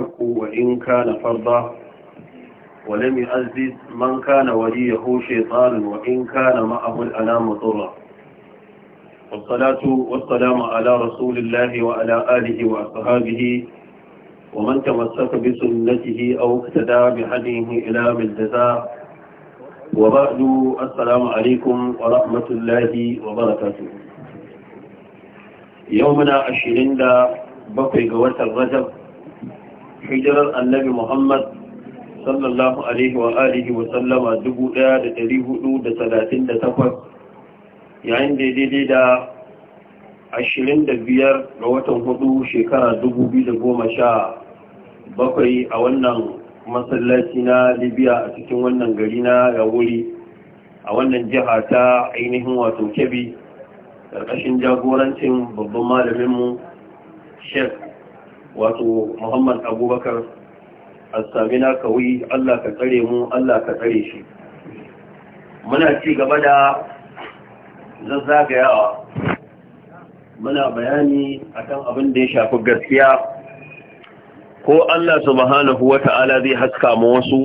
الحق وإن كان فرضا ولم يعزز من كان وليه شيطان وإن كان معه الأنام ضرا والصلاة والسلام على رسول الله وعلى آله وأصحابه ومن تمسك بسنته أو اقتدى بهديه إلى بالجزاء وبعد السلام عليكم ورحمة الله وبركاته يومنا عشرين دا بقي قوات الرجب hijirar annabi muhammad sallallahu alaihi wa alihi wa sallama takwas yayin daidai da 25 ga watan hudu shekara bakwai a wannan masallaci na libya a cikin wannan gari na yawuri a wannan jiha ta ainihin wato kebi ƙarƙashin jagorancin babban malaminmu sheikh wato muhammad abubakar samina kawai allah ka tsare mu allah ka tsare shi muna ci gaba da zazzagayawa muna bayani akan abin da ya shafi gaskiya ko allah subhanahu wa ta'ala zai haska mu wasu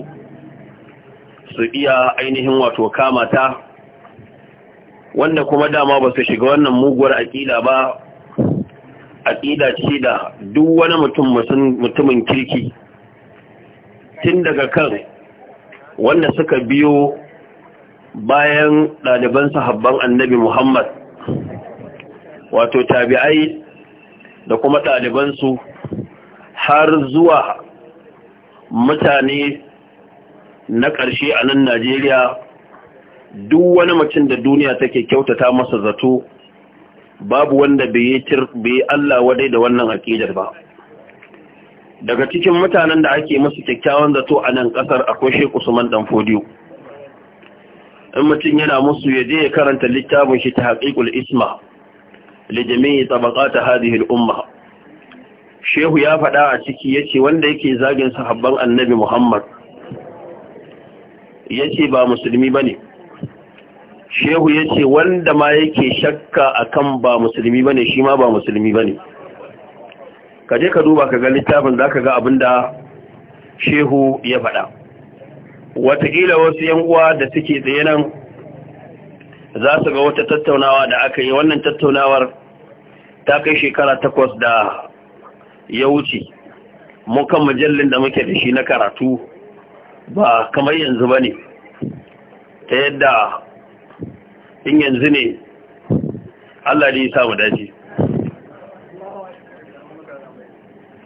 su iya ainihin wato kamata wanda kuma dama ba su shiga wannan muguwar aƙila ba aƙida ce da duk wani mutum mutumin kirki tun daga kan wanda suka biyo bayan ɗaliban sahabban annabi Muhammad wato tabi'ai da kuma ɗalibansu har zuwa mutane na ƙarshe a nan Najeriya duk wani mutum da duniya take kyautata masa zato babu wanda bai yi Allah wadai da wannan aƙidar ba daga cikin mutanen da ake musu kyakkyawan zato a nan ƙasar akwai Sheikh Usman Danfodiyo in mutum yana musu ya je ya karanta littafin shi ta haƙiƙul isma li jami'i tabaqata hadhihi al-umma Shehu ya faɗa a ciki yace wanda yake zagin sahabban Annabi Muhammad yace ba musulmi bane shehu ya ce wanda ma yake shakka a kan ba musulmi ba ne shi ma ba musulmi ba ne ka je ka duba ka ga littafin za ka ga abin da shehu ya faɗa wataƙila wasu yan uwa da suke tsaye nan za su ga wata tattaunawa da aka yi wannan tattaunawar ta kai shekara takwas da ya wuce mukan kan mujallin da muke da shi na karatu ba kamar yanzu ba ne ta yadda in yanzu ne Allah ne ya mu dace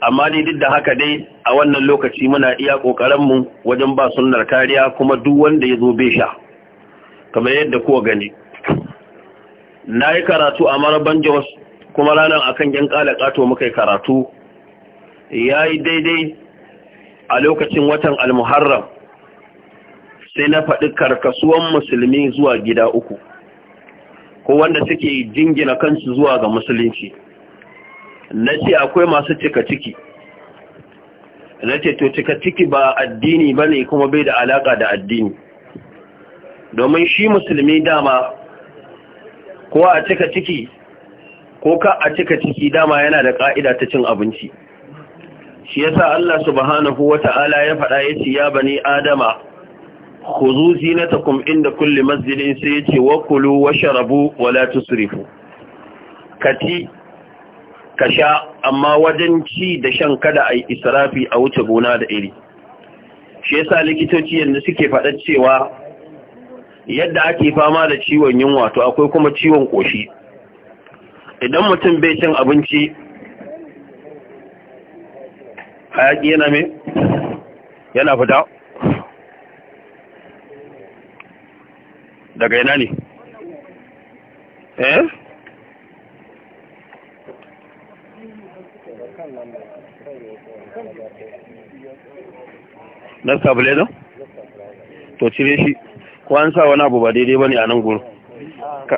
amma dai duk da haka dai a wannan lokaci muna iya mu wajen ba sunnar kariya kuma duk wanda ya zo bai sha, kamar yadda kuwa gani na yi karatu a maraban jos kuma ranar akan yan kato muka yi karatu ya yi daidai a lokacin watan almuharram sai na faɗi karkasuwan musulmi zuwa gida uku ko wanda suke jingina kansu zuwa ga musulunci na ce akwai masu cika ciki na ce to cika ciki ba addini ba ne kuma bai da alaka da addini domin shi musulmi dama ko a cika ciki ko ka a cika ciki dama yana da ƙa'ida ta cin abinci shi yasa Allah subhanahu wata'ala ya faɗa ya ce ya bani adama khuzu zinatakum inda kulli masjidin sai yace wa kulu wa la tusrifu kati kasha amma wajen ci da shan kada ai israfi a wuce gona da iri shi yasa likitoci yanda suke faɗa cewa yadda ake fama da ciwon yunwa to akwai kuma ciwon koshi idan mutum bai cin abinci hayaki yana me yana fita daga ina ne eh na sabule don to cire shi ko an sa wani abu ba daidai ba ne a nan Ka.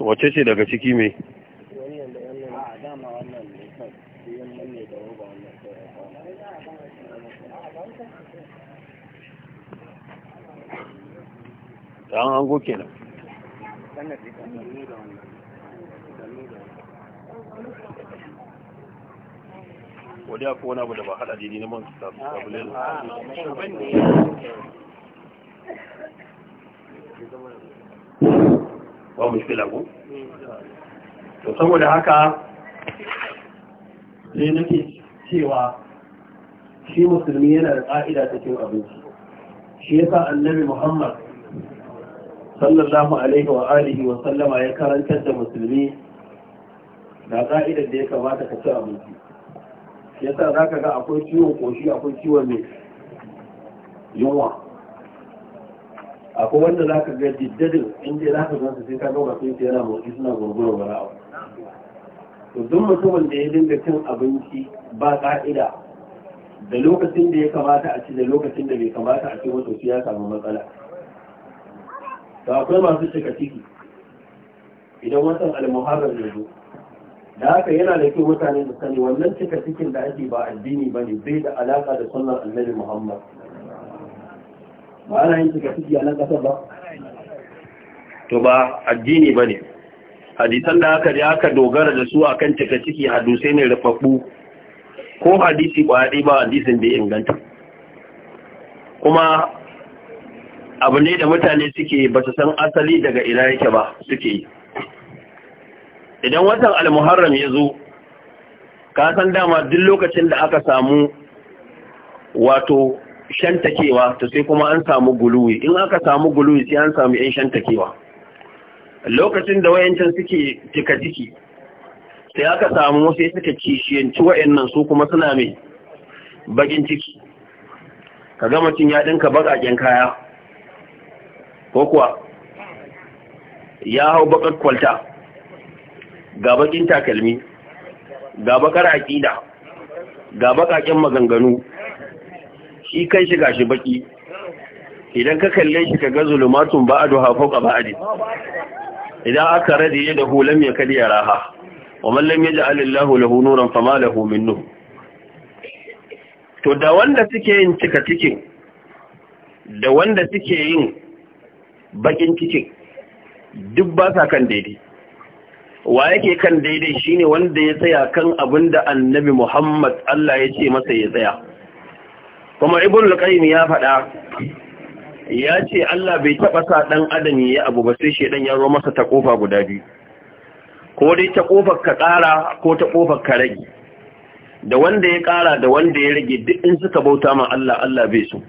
wace ce daga ciki mai an hango ke nan wadda ya kowane abu da ba haɗa jini na man sabulai da ba mushkila ko to saboda haka sai nake cewa shi musulmi yana da ƙa'ida ta cin abinci shi yasa annabi muhammad sallallahu alaihi wa alihi wa sallama ya karantar da musulmi da ƙa'idar da ya kamata ka ci abinci yasa za ka ga akwai ciwon ƙoshi akwai ciwon mai yunwa akwai wanda za ka ga diddadin inda za ka zansa sai ka ga masu yana motsi suna gurgurar wani abu to duk mutumin da ya dinga cin abinci ba ka'ida da lokacin da ya kamata a ci da lokacin da bai kamata a ci wato ya samu matsala to akwai masu cika ciki idan watan almuharrar ya zo da haka yana da kyau mutane su sani wannan cika cikin da ake ba addini ba ne bai da alaka da sunnar annabi muhammad ba ana yin cika ciki a nan ƙasar ba to ba addini ba ne hadisan da aka da aka dogara da su akan cika ciki hadusai ne rufaffu ko hadisi ba haɗi ba hadisin da inganta kuma abu ne da mutane suke ba su san asali daga ina yake ba suke yi idan watan almuharram ya zo ka san dama duk lokacin da aka samu wato shantakewa to sai kuma an samu guluwi in aka samu guluwi sai an samu yan shantakewa lokacin da wayancan suke tikatiki sai aka samu sai suka kishiyanci wayannan su kuma suna mai Baƙin ciki ka ga mutum ya dinka bakaken kaya ko kuwa ya hau bakar kwalta ga bakin takalmi ga bakar aƙida ga bakaken maganganu shi kan shi gashi baki idan ka kalle shi ka ga zulumatun ba'adu ha fawqa ba'adi idan aka radi ya dahu lam yakad raha, wa man lam yaj'al Allahu lahu nuran fama lahu min nur to da wanda suke yin cika cikin da wanda suke yin bakin cikin duk ba sa kan daidai wa yake kan daidai shine wanda ya tsaya kan abinda annabi Muhammad Allah ya ce masa ya tsaya kuma ibn al ya faɗa ya ce Allah bai taɓa sa ɗan adam ya abu ba sai shedan ya zo masa ta kofa guda biyu ko dai ta kofar ka ƙara ko ta kofar ka rage da wanda ya ƙara da wanda ya rage duk in suka bauta ma Allah Allah bai so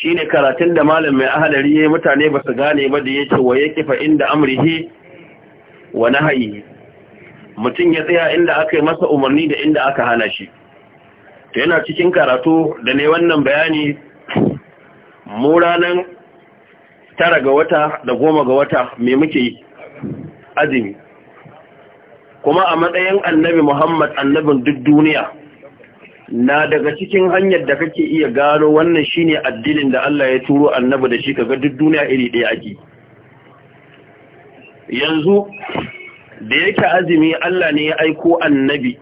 shine karatun da malam mai ahalari yayi mutane ba su gane ba da yace wa yaqifa inda amrihi wa nahyi mutum ya tsaya inda aka yi masa umarni da inda aka hana shi to yana cikin karatu da ne wannan bayani mu tara ga wata da goma ga wata mai muke yi azumi kuma a matsayin annabi muhammad annabin duk duniya na daga cikin hanyar da kake iya gano wannan shine addinin da Allah ya turo annabi da shi kaga duk duniya iri ɗaya ake yanzu da yake azumi Allah ne ya aiko annabi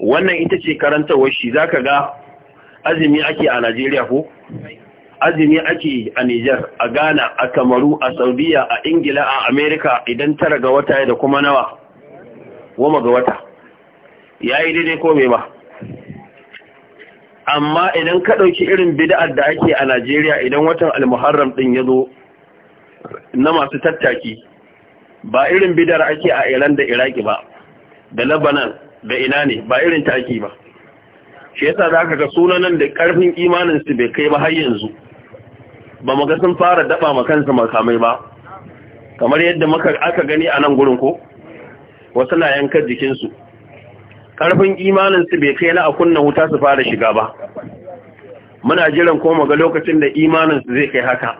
wannan ita ce karantawar shi za ka ga azumi ake a najeriya ko azumi ake a nijar a ghana a kamaru a saudiya a ingila a Amerika, idan tara ga wata da kuma nawa goma ga wata ya yi daidai ko mai ba amma idan ka ɗauki irin bida'ar da ake a najeriya idan watan almuharram ɗin ya zo na masu tattaki ba irin bidar ake a iran da iraki ba da labanan da ina ne ba irin taki ba shi yasa za ka ga sunanan da karfin imaninsu bai kai ba har yanzu ba mu ga sun fara daba ma kansu makamai ba kamar yadda muka aka gani a nan gurin ko wasu na yankar jikinsu karfin imaninsu bai kai na a kunna wuta su fara shiga ba muna jiran ko mu ga lokacin da imaninsu zai kai haka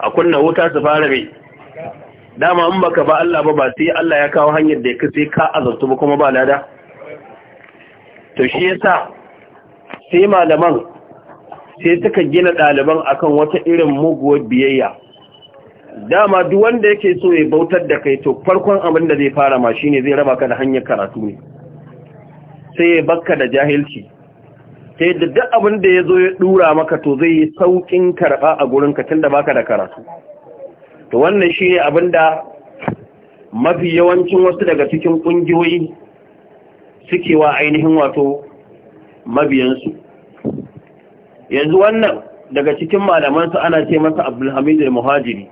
a kunna wuta su fara mai dama in baka ba Allah ba ba sai Allah ya kawo hanyar da ka sai ka azurtu ba kuma ba lada to shi yasa sai malaman sai suka gina ɗaliban akan wata irin muguwar biyayya dama duk wanda yake so ya bautar da kai to farkon abin da zai fara ma shine zai raba ka da hanyar karatu ne sai ya bakka da jahilci sai da duk abin da ya zo ya dura maka to zai yi saukin karɓa a gurinka tunda baka da karatu to wannan shi ne da mafi yawancin wasu daga cikin ƙungiyoyi suke wa ainihin wato mabiyansu yanzu wannan daga cikin malamansu ana ce masa abdulhamid al-muhajiri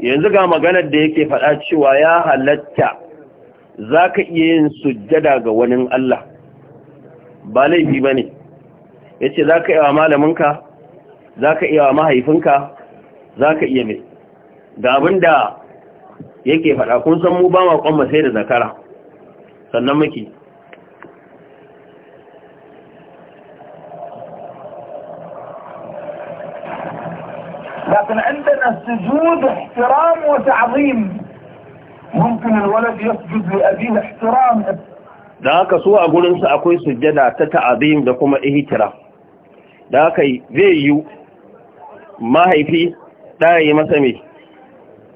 yanzu ga maganar da yake faɗa cewa ya halatta za ka iya yin sujjada ga wani Allah ba laifi ba ne ya ce za ka iya wa malaminka za ka iya wa mahaifinka za ka iya mai ga abin da yake faɗa kun san mu ba ma kwamma sai da zakara sannan muke لكن عندنا السجود احترام وتعظيم ممكن الولد يسجد لأبيه احترام da haka so a gurinsa akwai sujjada ta ta'azim da kuma ihtira da haka zai yi mahaifi ɗaya yi masa mai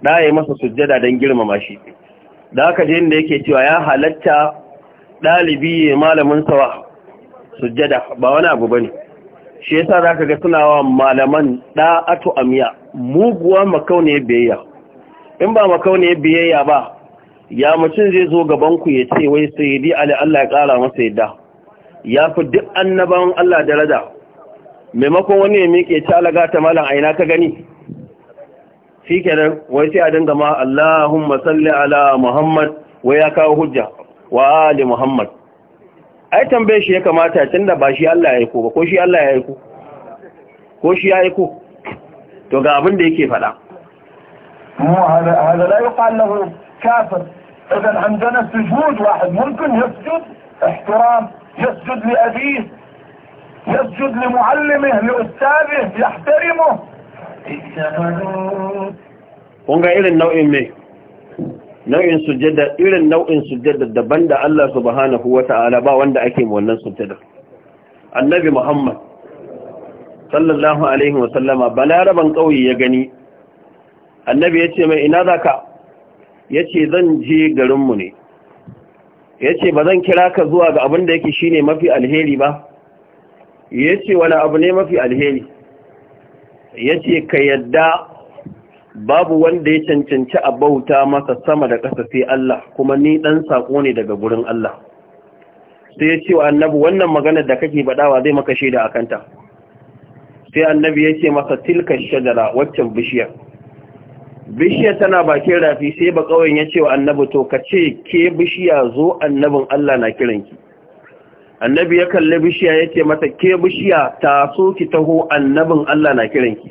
da ya masa sujjada don girmama shi da aka je inda yake cewa ya halatta ɗalibi ya malamin sawa sujjada ba wani abu bane shi yasa ka ga suna wa malaman a amiya muguwa makauniyar biyayya in ba makauniyar biyayya ba ya mutum zai zo gaban ku ya ce wai yi ali Allah ya kara masa yadda ya fi duk annaban Allah daraja maimakon wani ya miƙe ta alaga ta malam aina ka gani shi kenan wai sai a dinga ma Allahumma salli ala Muhammad wai ya kawo hujja wa ali Muhammad ai tambaye shi ya kamata tunda ba shi Allah ya aiko ba ko shi Allah ya aiko ko shi ya aiko to ga abin da yake faɗa هذا هذا لا يقال له كافر اذا عندنا سجود واحد ممكن يسجد احترام يسجد لابيه يسجد لمعلمه لاستاذه يحترمه kun ga irin nau'in mai nau'in sujjada irin nau'in sujjada daban da Allah subhanahu wata'ala ba wanda ake wannan sujjada annabi muhammad sallallahu alaihi sallama balaraban kauye ya gani annabi ya ce mai ina za ka ya ce zan je garinmu ne ya ce ba zan kira ka zuwa ga abin da yake shine mafi alheri ba ya ce wani abu ne mafi alheri ya ce ka yadda babu wanda ya cancanci a bauta masa sama da ƙasa sai Allah kuma ni ɗan saƙo ne daga gurin Allah sai ya ce wa annabi wannan maganar da kake baɗawa zai maka shaida a kanta sai annabi ya ce masa tilka shajara waccan bishiyar bishiyar tana bakin rafi sai ba ƙauyen ya ce wa annabi to ka ce ke bishiya zo annabin Allah na kiranki annabi ya kalli bishiya ya ce mata ke bishiya ta so ki taho annabin Allah na kiranki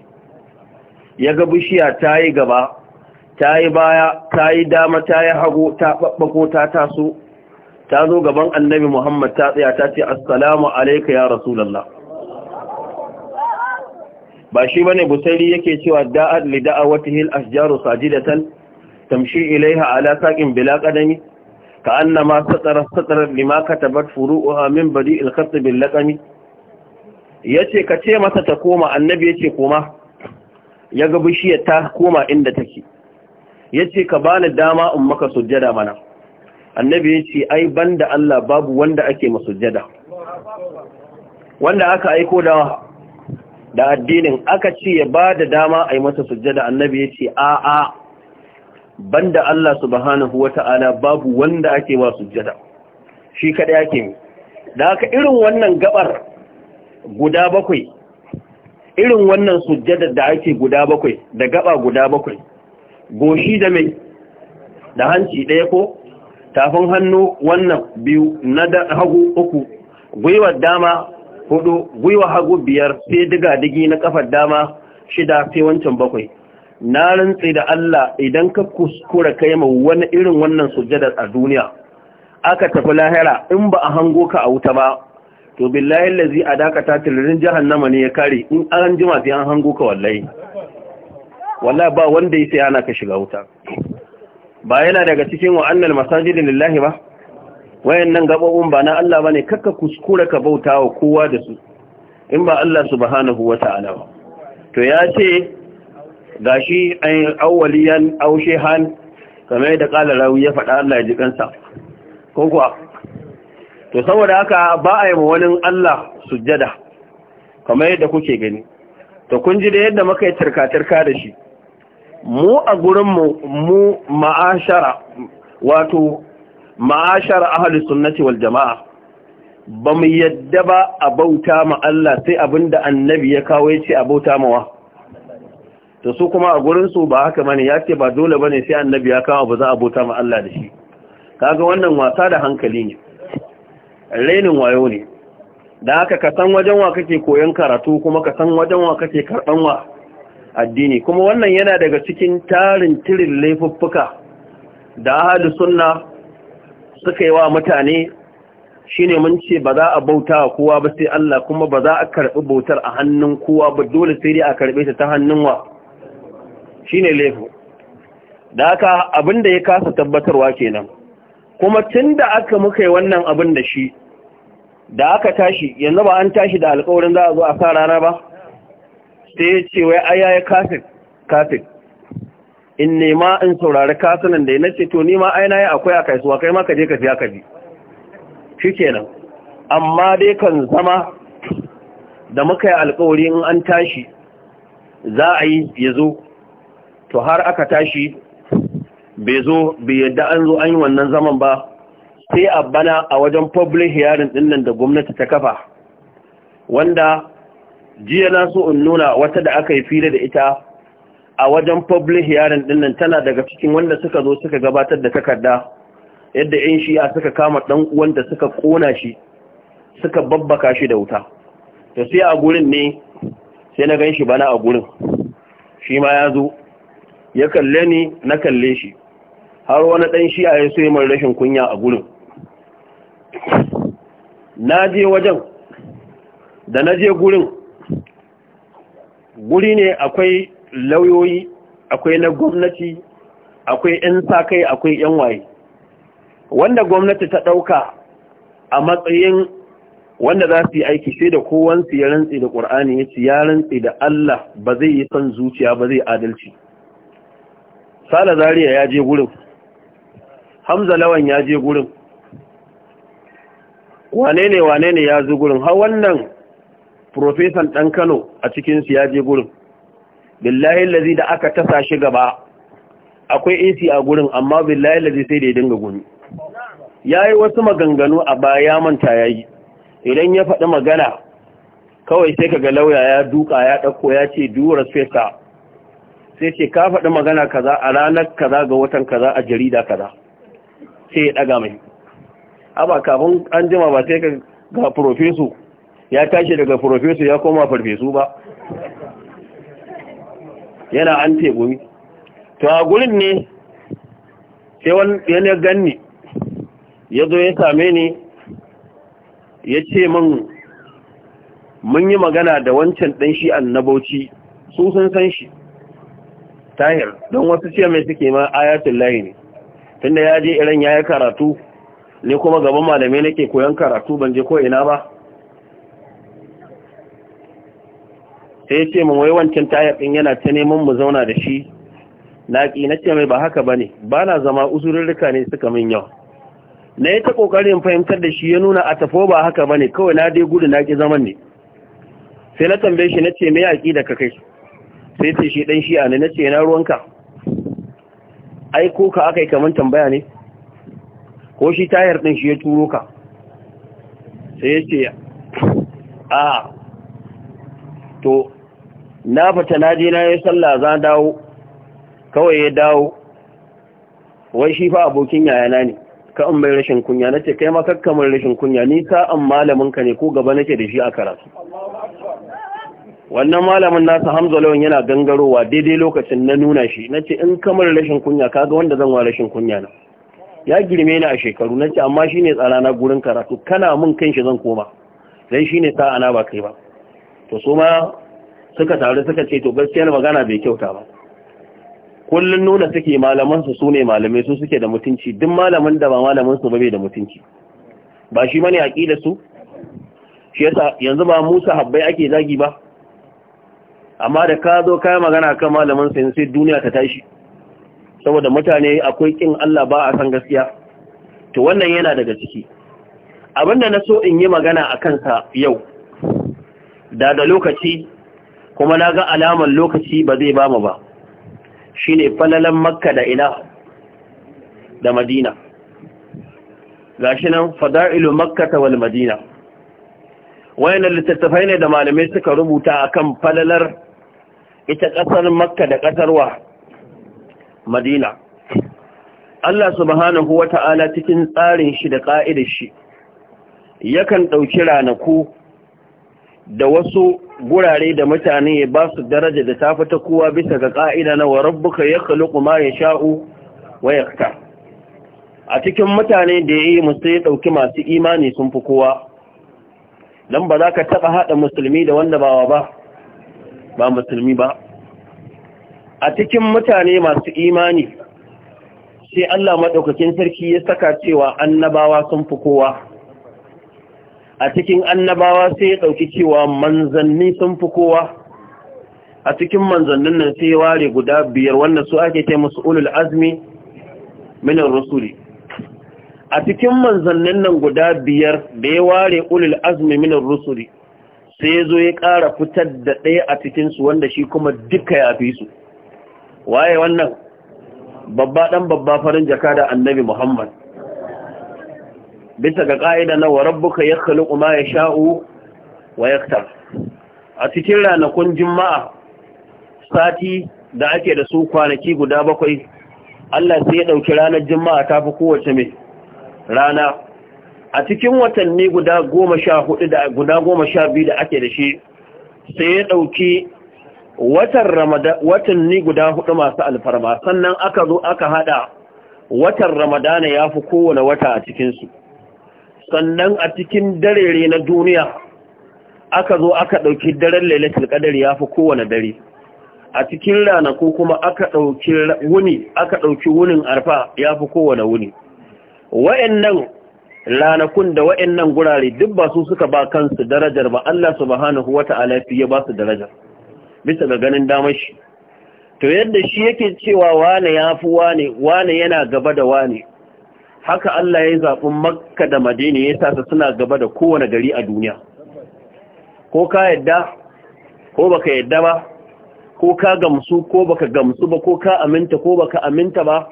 ya ga bishiya ta yi gaba ta yi baya ta yi dama ta yi hagu ta ɓaɓɓako ta taso ta zo gaban annabi muhammad ta tsaya ta ce assalamu alaika ya rasulallah ba shi bane busari yake cewa da'ad li da'awatihil ashjaru sajidatan tamshi ilaiha ala saqin bila qadami كأنما سطر السطر لما كتبت فروعها من بديء laƙami. Ya yace ka ce masa ta koma annabi ce koma ya ga bishiyar ta koma inda take yace ka bani dama in maka sujjada mana annabi yace ai banda Allah babu wanda ake sujjada. wanda aka aiko da da addinin aka ce ya ba da dama a yi masa sujjada annabi yace a a banda Allah subhanahu wata'ala babu wanda ake wa sujjada shi kada yake mi da haka irin wannan gabar guda bakwai irin wannan sujjada da ake guda bakwai da gaba guda bakwai goshi da mai da hanci ɗaya ko tafin hannu wannan biyu na hagu uku gwiwar dama hudu gwiwa hagu biyar sai diga digi na kafar dama shida sai wancan bakwai na rantse da Allah idan ka kuskura kai ma wani irin wannan sujjada a duniya aka tafi lahira in ba a hango ka a wuta ba to billahi allazi adaka ta tirin jahannama ne ya kare in an jima sai an hango ka wallahi wallahi ba wanda yace yana ka shiga wuta ba yana daga cikin wa'annal masajidi lillahi ba wayannan gabobin ba na Allah bane kakka kuskura ka bautawa kowa da su in ba Allah subhanahu wata'ala ba to ya ce Ga gashi ayin awaliyan aw shehan kamar da kala rawi ya faɗa Allah ya ji kansa ko kuwa to saboda haka ba a yi wani Allah sujjada kamar yadda kuke gani to kun ji da yadda muka yi turka-turka da shi mu a gurinmu mu ma'ashara wato ma'ashara ahalus sunnati wal jama'a ba mu yadda ba a bauta ma Allah sai abinda annabi ya kawo ya ce a bauta mawa to su kuma a gurin su ba haka bane ya ce ba dole bane sai annabi ya kawo ba za a bota ma Allah da shi kaga wannan wasa da hankali ne rainin wayo ne da haka ka san wajen wa kake koyon karatu kuma ka san wajen wa kake karban wa addini kuma wannan yana daga cikin tarin tirin laifuffuka da ahli sunna suka yi wa mutane shine mun ce ba za a bauta wa kowa ba sai Allah kuma ba za a karbi bautar a hannun kowa ba dole sai dai a karbe ta ta hannun wa Shi ne laifin da aka abin da ya kasa tabbatarwa kenan kuma tun da aka muka yi wannan abin da shi da aka tashi yanzu ba an tashi da alkawarin za a zo a sa rana ba sai ya ce wai aya ya kafin kafin in nema in saurari kasunan da ya nace to nima aina ya akwai a suwa kai ma je ka fiya ka bi shi kenan amma dai kan zama da muka yi alkawari in an tashi za a yi ya zo to har aka tashi bai zo bai yadda an zo an yi wannan zaman ba sai a bana a wajen public hearing din nan da gwamnati ta kafa wanda jiya na so in nuna wata da aka yi fira da ita a wajen public hearing din nan tana daga cikin wanda suka zo suka gabatar da takarda yadda yan shi'a suka kama dan da suka kona shi suka babbaka shi da wuta to sai a gurin ne sai na gan shi bana a gurin shi ma ya zo ya kalle ni na kalle shi har wani ɗan shi a ya so mai rashin kunya a gurin na je wajen da na je gurin guri ne akwai lauyoyi akwai na gwamnati akwai 'yan sakai akwai 'yan waye wanda gwamnati ta ɗauka a matsayin wanda za su yi aiki sai da kowansu ya rantsi da ƙur'ani ya ci ya rantsi da Allah ba zai yi son zuciya ba zai adalci sala zariya ya je gurin hamza lawan ya je gurin wane ne wane ne ya zo gurin ha wannan profesan ɗan kano a cikinsu ya je gurin billahi lazi da aka tasa shi gaba akwai ac a gurin amma billahi lazi sai da ya dinga guni ya yi wasu maganganu a baya manta ya yi idan ya faɗi magana kawai sai kaga lauya ya duka ya ɗauko ya ce duwar fesa sai ce ka faɗi magana kaza a ranar kaza ga watan kaza a jarida kaza sai ya ɗaga mai aba kafin an jima ba sai ga profesu ya tashi daga profesu ya koma farfesu ba yana an tegumi to a gurin ne sai wani ganni ya zo ya same ni ya ce min mun yi magana da wancan ɗanshi annabauci su sun san shi tahir don wasu ce mai suke ma ayatul lahi ne tunda ya je iran ya yi karatu ne kuma gaban malamai nake koyon karatu ban je ko ina ba sai ce mun wai wancan tahir din yana ta neman mu zauna da shi na na ce mai ba haka bane ba na zama uzurirrika ne suka min yau na yi ta kokarin fahimtar da shi ya nuna a tafo ba haka bane kawai na dai gudu na ƙi zaman ne sai na tambaye shi na ce mai yaƙi da ka kai sai ce shi dan shi'a ne nace na ruwanka ai ko ka akai kaman tambaya ne ko shi tayar din shi ya turo ka sai ya ce a to na fita na je na yi sallah za dawo kawai ya dawo wai shi fa abokin yayana ne ka an bai rashin kunya nace kai ma kakkamin rashin kunya ni ka an malamin ka ne ko gaba nake da shi a karatu wannan malamin nasa hamza lawan yana gangarowa daidai lokacin na nuna shi na ce in kamar rashin kunya ka ga wanda zan wa rashin kunya na ya girme ni a shekaru na ce amma shine na gurin karatu kana mun kan shi zan koma dan shine sa'a na ba kai ba to su ma suka taru suka ce to gaskiyar magana bai kyauta ba kullun nuna suke malaman su sune malamai su suke da mutunci duk malamin da ba malamin su ba bai da mutunci ba shi bane aqida su shi yasa yanzu ba Musa habbai ake zagi ba amma da ka zo kayan magana kan malamin sayin sai duniya ta tashi saboda mutane akwai kin Allah ba a san gaskiya to wannan yana daga ciki abinda na so in yi magana a kansa yau da lokaci kuma na ga alamar lokaci ba zai ba mu ba shine falalan makka da ina da madina gashi nan fada'ilu Makka wal madina wayannan littattafai ne da malamai suka rubuta akan falalar ita ƙasar makka da ƙasar wa madina Allah subhanahu wa ta'ala cikin tsarin shi da ƙa'idar shi yakan ɗauki ranaku da wasu gurare da mutane ya ba su daraja da tafi ta kowa bisa ga ƙa'ida na wa rabbuka ya kaluku ma ya sha'u wa yakta a cikin mutane da ya yi musu ya ɗauki masu imani sun fi kowa don ba za ka taɓa haɗa musulmi da wanda bawa ba ba musulmi ba a cikin mutane masu imani sai Allah maɗaukakin sarki ya saka cewa annabawa sun fi kowa a cikin annabawa sai ya ɗauki cewa manzanni sun fi kowa a cikin manzannin nan sai ware guda biyar wanda su ake ce musu ulul azmi minar rusuli a cikin manzannin nan guda biyar da ya ware ulul azmi minar rusuli sai ya zo ya ƙara fitar da ɗaya a cikinsu wanda shi kuma duka ya fi su waye wannan babba ɗan babba farin jaka da annabi muhammad bisa ga ƙa'ida na wa rabbuka ya kuma ya sha'u wa yaktar a cikin ranakun juma'a sati da ake da su kwanaki guda bakwai Allah sai ya ɗauki ranar juma'a ta fi kowace mai rana a cikin watanni guda goma sha hudu da guda goma sha biyu da ake da shi sai ya ɗauki watan ramada watanni guda hudu masu alfarma sannan aka zo aka hada watan ramadana ya fi kowane wata a cikinsu sannan a cikin darere na duniya aka zo aka ɗauki daren lailatul qadar ya fi kowane dare a cikin ranaku kuma aka ɗauki wuni aka ɗauki wunin arfa ya fi kowane wuni wa'annan ranakun da wa'annan gurare duk ba su suka ba kansu darajar ba Allah subhanahu wata'ala ya ba su darajar bisa ga ganin damar shi to yadda shi yake cewa wane yafi wane wane yana gaba da wane haka Allah ya zaɓi makka da madina ya sa suna gaba da kowane gari a duniya ko ka yadda ko baka yadda ba ko ka gamsu ko baka gamsu ba ko ka aminta ko baka aminta ba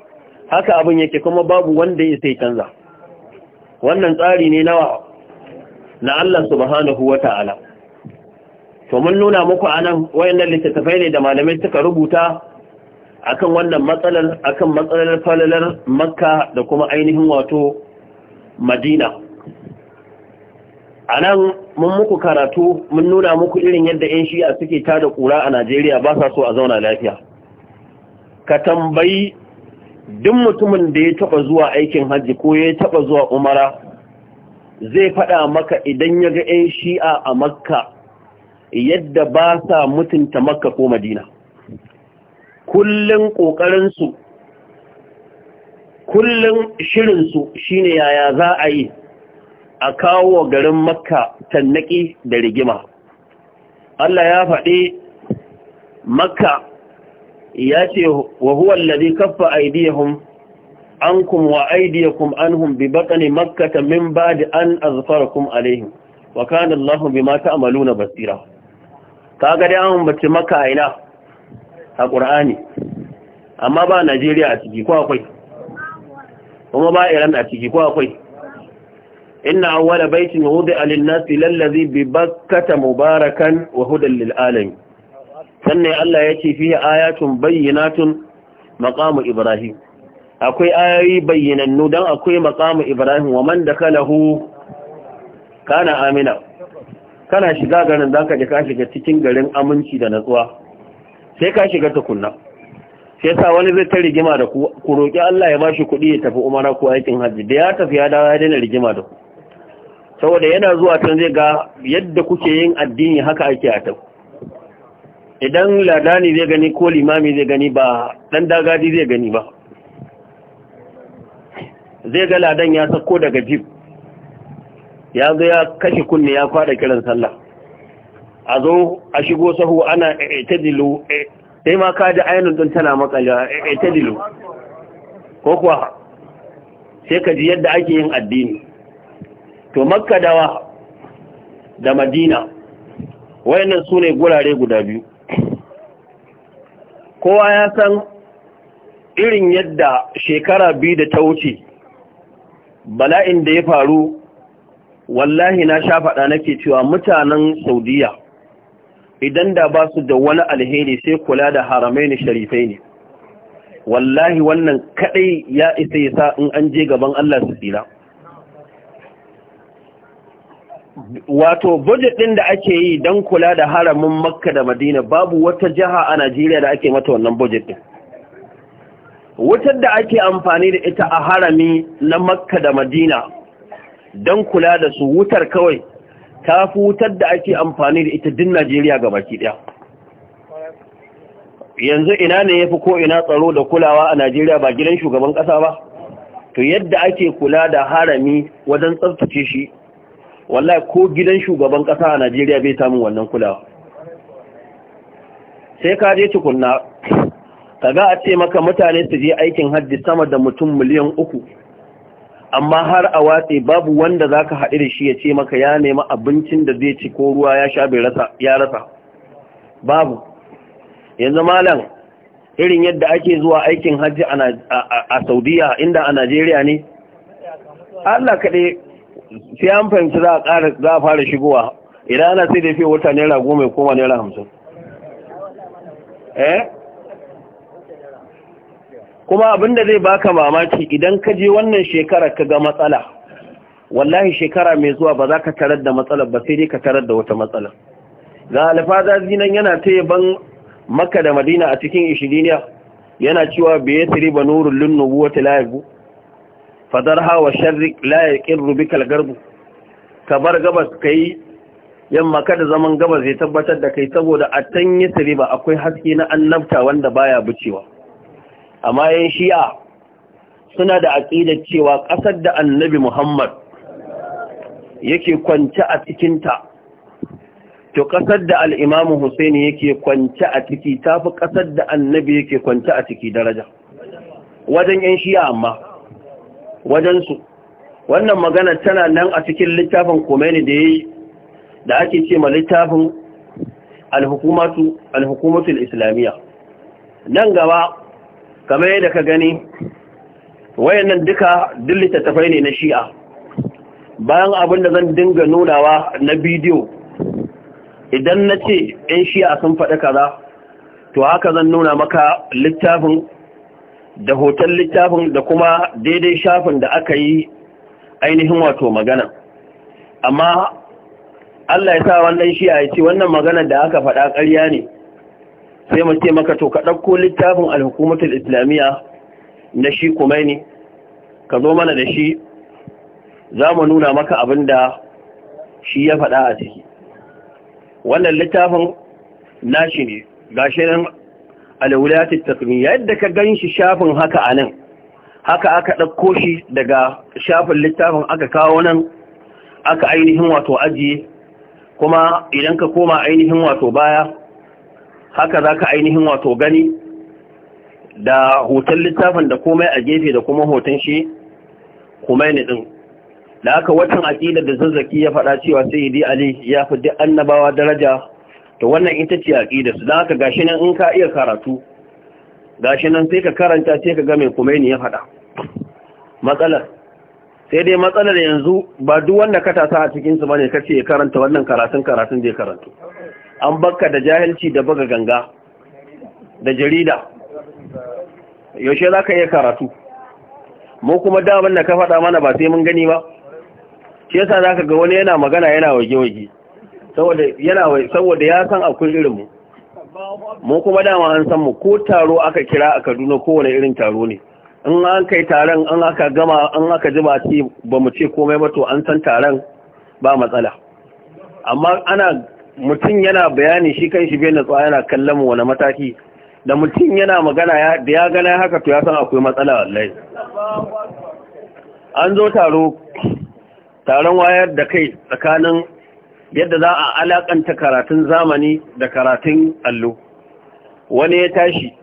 haka abin yake kuma babu wanda ya sai canza wannan tsari ne nawa na Allah subhanahu wa ta'ala to mun nuna muku anan wayannan littattafai ne da malamai suka rubuta akan wannan matsalar akan matsalar falalar makka da kuma ainihin wato madina a nan mun muku karatu mun nuna muku irin yadda 'yan shi'a suke tada ƙura a najeriya ba sa so a zauna lafiya ka tambayi duk mutumin da ya taba zuwa aikin hajji ko ya taba zuwa umara zai fada maka idan ya ga 'yan shi'a a makka yadda ba sa mutunta makka ko madina kullum ƙoƙarinsu kullum shirinsu shine yaya za a yi a kawo garin makka tannaki da rigima Allah ya faɗi makka ya ce wa huwa allazi kaffa aydiyahum ankum wa aydiyakum anhum bi batni makkah min ba'di an azfarakum alaihim wa kana allahu bima ta'maluna basira kaga dai an bace maka ina a qur'ani amma ba najeriya a ciki ko akwai kuma ba iran a ciki ko akwai inna awwala baitin wudi'a lin-nasi lallazi bi bakkata mubarakan wa hudan lil alamin sannan Allah ya ce fiye ayatun bayyanatun maƙamu Ibrahim akwai ayoyi bayyanannu don akwai maƙamu Ibrahim wa man kalahu kana amina kana shiga garin za ka jika shiga cikin garin aminci da natsuwa sai ka shiga tukunna sai sa wani zai ta rigima da ku ku roƙi Allah ya ba shi kuɗi ya tafi umara ko aikin hajji da ya tafi ya dawo ya daina rigima da ku saboda yana zuwa can zai ga yadda kuke yin addini haka ake a tafi idan ladani zai gani ko limami zai gani ba dan dagadi zai gani ba zai ga ladan ya sako daga jib ya zo ya kashe kunne ya kwada kiran sallah a zo a shigo sahu ana etadilu eh, sai ma kaji ainihin din tana ta etadilu eh, ko kuwa sai ka ji yadda ake yin addini to makka dawa da madina wayannan su ne gurare guda biyu kowa ya san irin yadda shekara biyu da ta wuce bala'in da ya faru wallahi na sha faɗa nake cewa mutanen saudiya idan da ba su da wani alheri sai kula da haramai ne sharifai ne wallahi wannan kaɗai ya isa yasa in an je gaban allah su tsira wato budget din da ake yi don kula da haramin makka da madina babu wata jiha a najeriya da ake mata wannan budget din wutar da ake amfani da ita a harami na makka da madina don kula da su wutar kawai ta fi wutar da ake amfani da ita din najeriya ga baki daya yanzu ina ne ya fi ko ina tsaro da kulawa a najeriya ba gidan shugaban kasa ba to yadda ake kula da harami wajen tsaftace shi wallahi ko gidan shugaban kasa a Najeriya bai samu wannan kulawa sai ka je tukunna kaga a ce maka mutane su je aikin hajji sama da mutum miliyan uku amma har a watse babu wanda zaka haɗu da shi ya ce maka ya nemi abincin da zai ci ko ruwa ya sha bai rasa ya rasa babu yanzu malam irin yadda ake zuwa aikin hajji a Saudiya inda a Najeriya ne Allah kaɗai sai an fahimci za a ƙara za fara shigowa idan ana sai da fiye wata naira goma ya koma naira hamsin eh kuma abinda zai baka mamaki idan ka je wannan shekarar ka ga matsala wallahi shekara mai zuwa ba za ka tarar da matsalar ba sai dai ka tarar da wata matsala ga alfaza zinan yana ta ban makka da madina a cikin ishiriniya yana cewa biye siri ba nurul wata laibu fadar hawa sharrik la yaqirru bikal garbu ka bar gabas kai yamma kada zaman gabas ya tabbatar da kai saboda a tanye riba akwai haske na annabta wanda baya bucewa amma yan shi'a suna da aƙidar cewa ƙasar da annabi Muhammad yake kwance a cikinta to ƙasar da al'imamu Husaini yake kwance a ciki tafi ƙasar da annabi yake kwance a ciki daraja wajen yan shi'a amma wajensu wannan magana tana nan a cikin littafin komeni da ya da ake ce ma littafin alhukumatul islamiyya nan gaba kamar yadda ka gani wayannan duka duk littattafai ne na shi'a bayan abin da zan dinga nunawa na bidiyo idan na ce 'yan shi'a sun faɗi kaza to haka zan nuna maka littafin da hoton littafin da kuma daidai shafin da aka yi ainihin wato magana amma Allah ya sa wannan shi a ce wannan magana da aka faɗa ƙarya ne sai mu ce maka to ka ɗauko littafin alhukumatul islamiyya na shi kuma ne ka zo mana da shi za mu nuna maka abin da shi ya faɗa a ciki wannan littafin nashi ne gashi nan alwulayatul taqmiya yadda ka ganshi shafin haka anan haka aka dauko shi daga shafin littafin aka kawo nan aka ainihin wato aji kuma idan ka koma ainihin wato baya haka zaka ainihin wato gani da hoton littafin da komai a gefe da kuma hoton shi kuma ne din da aka watan aqida da zazzaki ya faɗa cewa sayyidi ali ya fi duk annabawa daraja to wannan ita ce aqida su da haka gashi nan in ka iya karatu gashi nan sai ka karanta sai ka ga mai kumaini ya faɗa matsalar sai dai matsalar yanzu ba duk wanda ka tasa a cikin su bane kace ya karanta wannan karatun karatun ya karatu an bakka da jahilci da baga ganga da jarida yaushe zaka iya karatu mu kuma da wanda ka faɗa mana ba sai mun gani ba shi yasa ka ga wani yana magana yana wage-wage saboda yana wai saboda ya san akwai irinmu mu kuma dama an san mu ko taro aka kira a Kaduna wani irin taro ne in an kai taron an aka gama an aka ji ba ba mu ce komai ba to an san taron ba matsala amma ana mutum yana bayani shi kan shi bai natsuwa yana kallon mu wani mataki da mutum yana magana da ya gana haka to ya san akwai matsala wallahi an zo taro taron wayar da kai tsakanin yadda za a alakanta karatun zamani da karatun allo wani ya tashi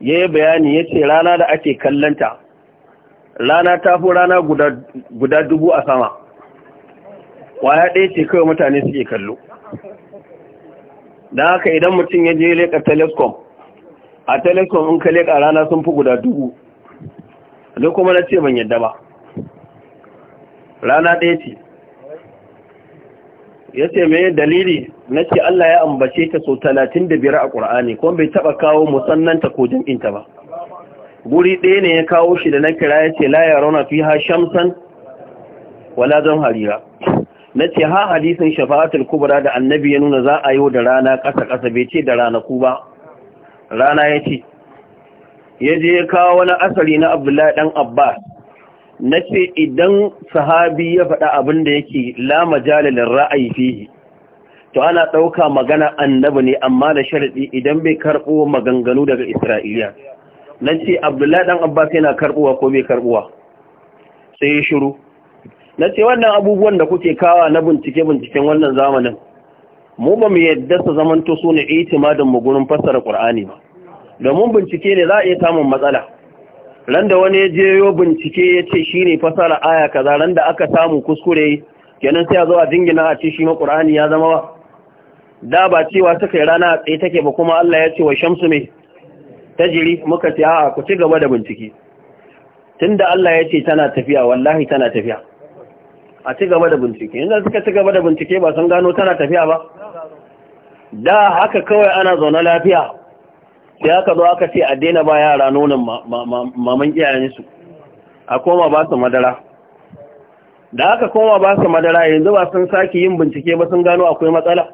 ya yi bayani ya ce rana da ake kallanta rana ta fi rana guda dubu a sama kwaya ɗaya ce kawai mutane suke kallo da haka idan mutum ya je leƙa telecom a telecom in ka leƙa rana sun fi guda dubu duk kuma na ce ban yadda ba rana ɗaya ce ya ce mai dalili na ce Allah ya ambace ta so talatin da biyar a ƙur'ani kuma bai taɓa kawo musannanta ko jam'inta ba guri ɗaya ne ya kawo shi da na kira ya ce laya rauna fi ha shamsan wala zan harira na ce ha hadisin shafa'atul kubra da annabi ya nuna za a yi da rana ƙasa ƙasa bai ce da ranaku ba rana ya ce ya je ya kawo wani asali na abdullahi dan abbas na ce idan sahabi ya faɗa abin da yake la jalilin ra'ayi fihi to ana ɗauka magana annabi ne amma da sharaɗi idan bai karɓo maganganu daga isra'iliya na ce abdullahi ɗan abbas yana karɓuwa ko bai karɓuwa sai ya shiru na ce wannan abubuwan da kuke kawa na bincike-binciken wannan zamanin mu ba mu yadda su zamanto su ne itimadin mu gurin fassara ƙur'ani ba domin bincike ne za a iya samun matsala ran da wani ya je yo bincike ya ce shi ne fasara aya kaza ran aka samu kuskure kenan sai a zo a jingina a ce shi ma ya zama ba? da ba cewa suka yi rana tsaye take ba kuma Allah ya ce wa shamsu mai ta jiri muka ce a ku ci gaba da bincike tun da Allah ya ce tana tafiya wallahi tana tafiya a ci gaba da bincike yanzu suka ci gaba da bincike ba sun gano tana tafiya ba da haka kawai ana zaune lafiya sai aka zo aka ce a daina ba yara nonon maman iyayensu a koma ba su madara da aka koma ba su madara yanzu ba sun sake yin bincike ba sun gano akwai matsala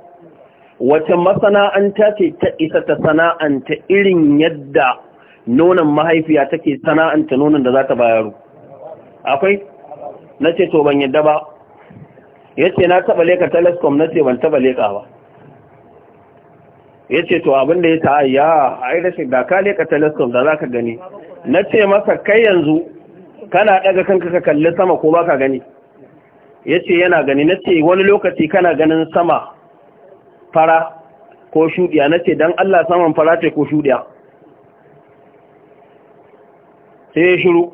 wace masana'anta ce ta isa ta sana'anta irin yadda nonon mahaifiya take sana'anta nonon da za ta bayaru akwai na ce to ban yadda ba ya ce na taɓa leka telescope na ce ban taɓa leka ba ya ce to abinda ya ta ya ai da rashin da ka leka telescope da za ka gani na ce masa kai yanzu kana daga kanka ka kalli sama ko ba ka gani ya ce yana gani na ce wani lokaci kana ganin sama fara ko shudiya. na ce don Allah saman fara ce ko shudiya. sai ya shiru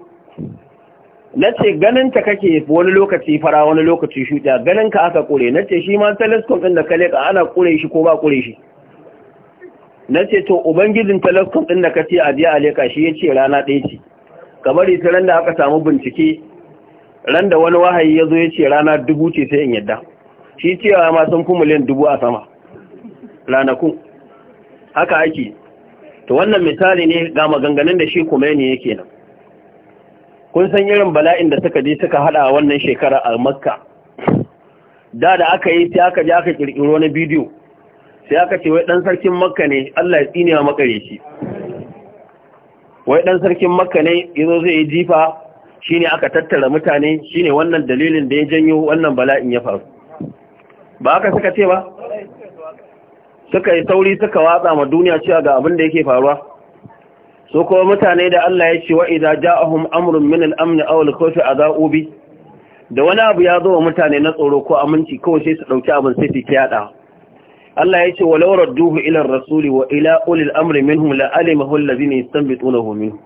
na ce ganinta kake wani lokaci fara wani lokaci shudiya, ganinka aka kure? na ce shi ma telescope ɗin da ka leƙa ana kure shi ko ba kure shi na ce to ubangijin telescope ɗin da ka ce ajiya a leka shi ya ce rana ɗaya ce kamar ita ran da aka samu bincike ran da wani wahayi ya zo ya ce rana dubu ce sai in yadda shi cewa ma sun fi miliyan dubu a sama ranakun haka ake to wannan misali ne ga maganganun da shi kuma ne yake nan kun san irin bala'in da suka je suka hada wannan shekara a makka da da aka yi sai aka je aka kirkiro na bidiyo sai aka ce wai dan sarkin makka ne Allah ya tsinewa makare shi wai dan sarkin makka ne yazo zai yi jifa shine aka tattara mutane shine wannan dalilin da ya janyo wannan bala'in ya faru ba aka suka ce ba suka yi sauri suka watsa ma duniya cewa ga abin da yake faruwa so kuma mutane da Allah ya ce wa idza ja'ahum amrun min al-amn aw al-khawf adha'u bi da wani abu ya zo wa mutane na tsoro ko aminci kawai sai su dauki abin sai su yada Allah ya ce walau radduhu ila rasuli wa ila ulil amri minhum la alimahu allazina yastanbitunahu minhu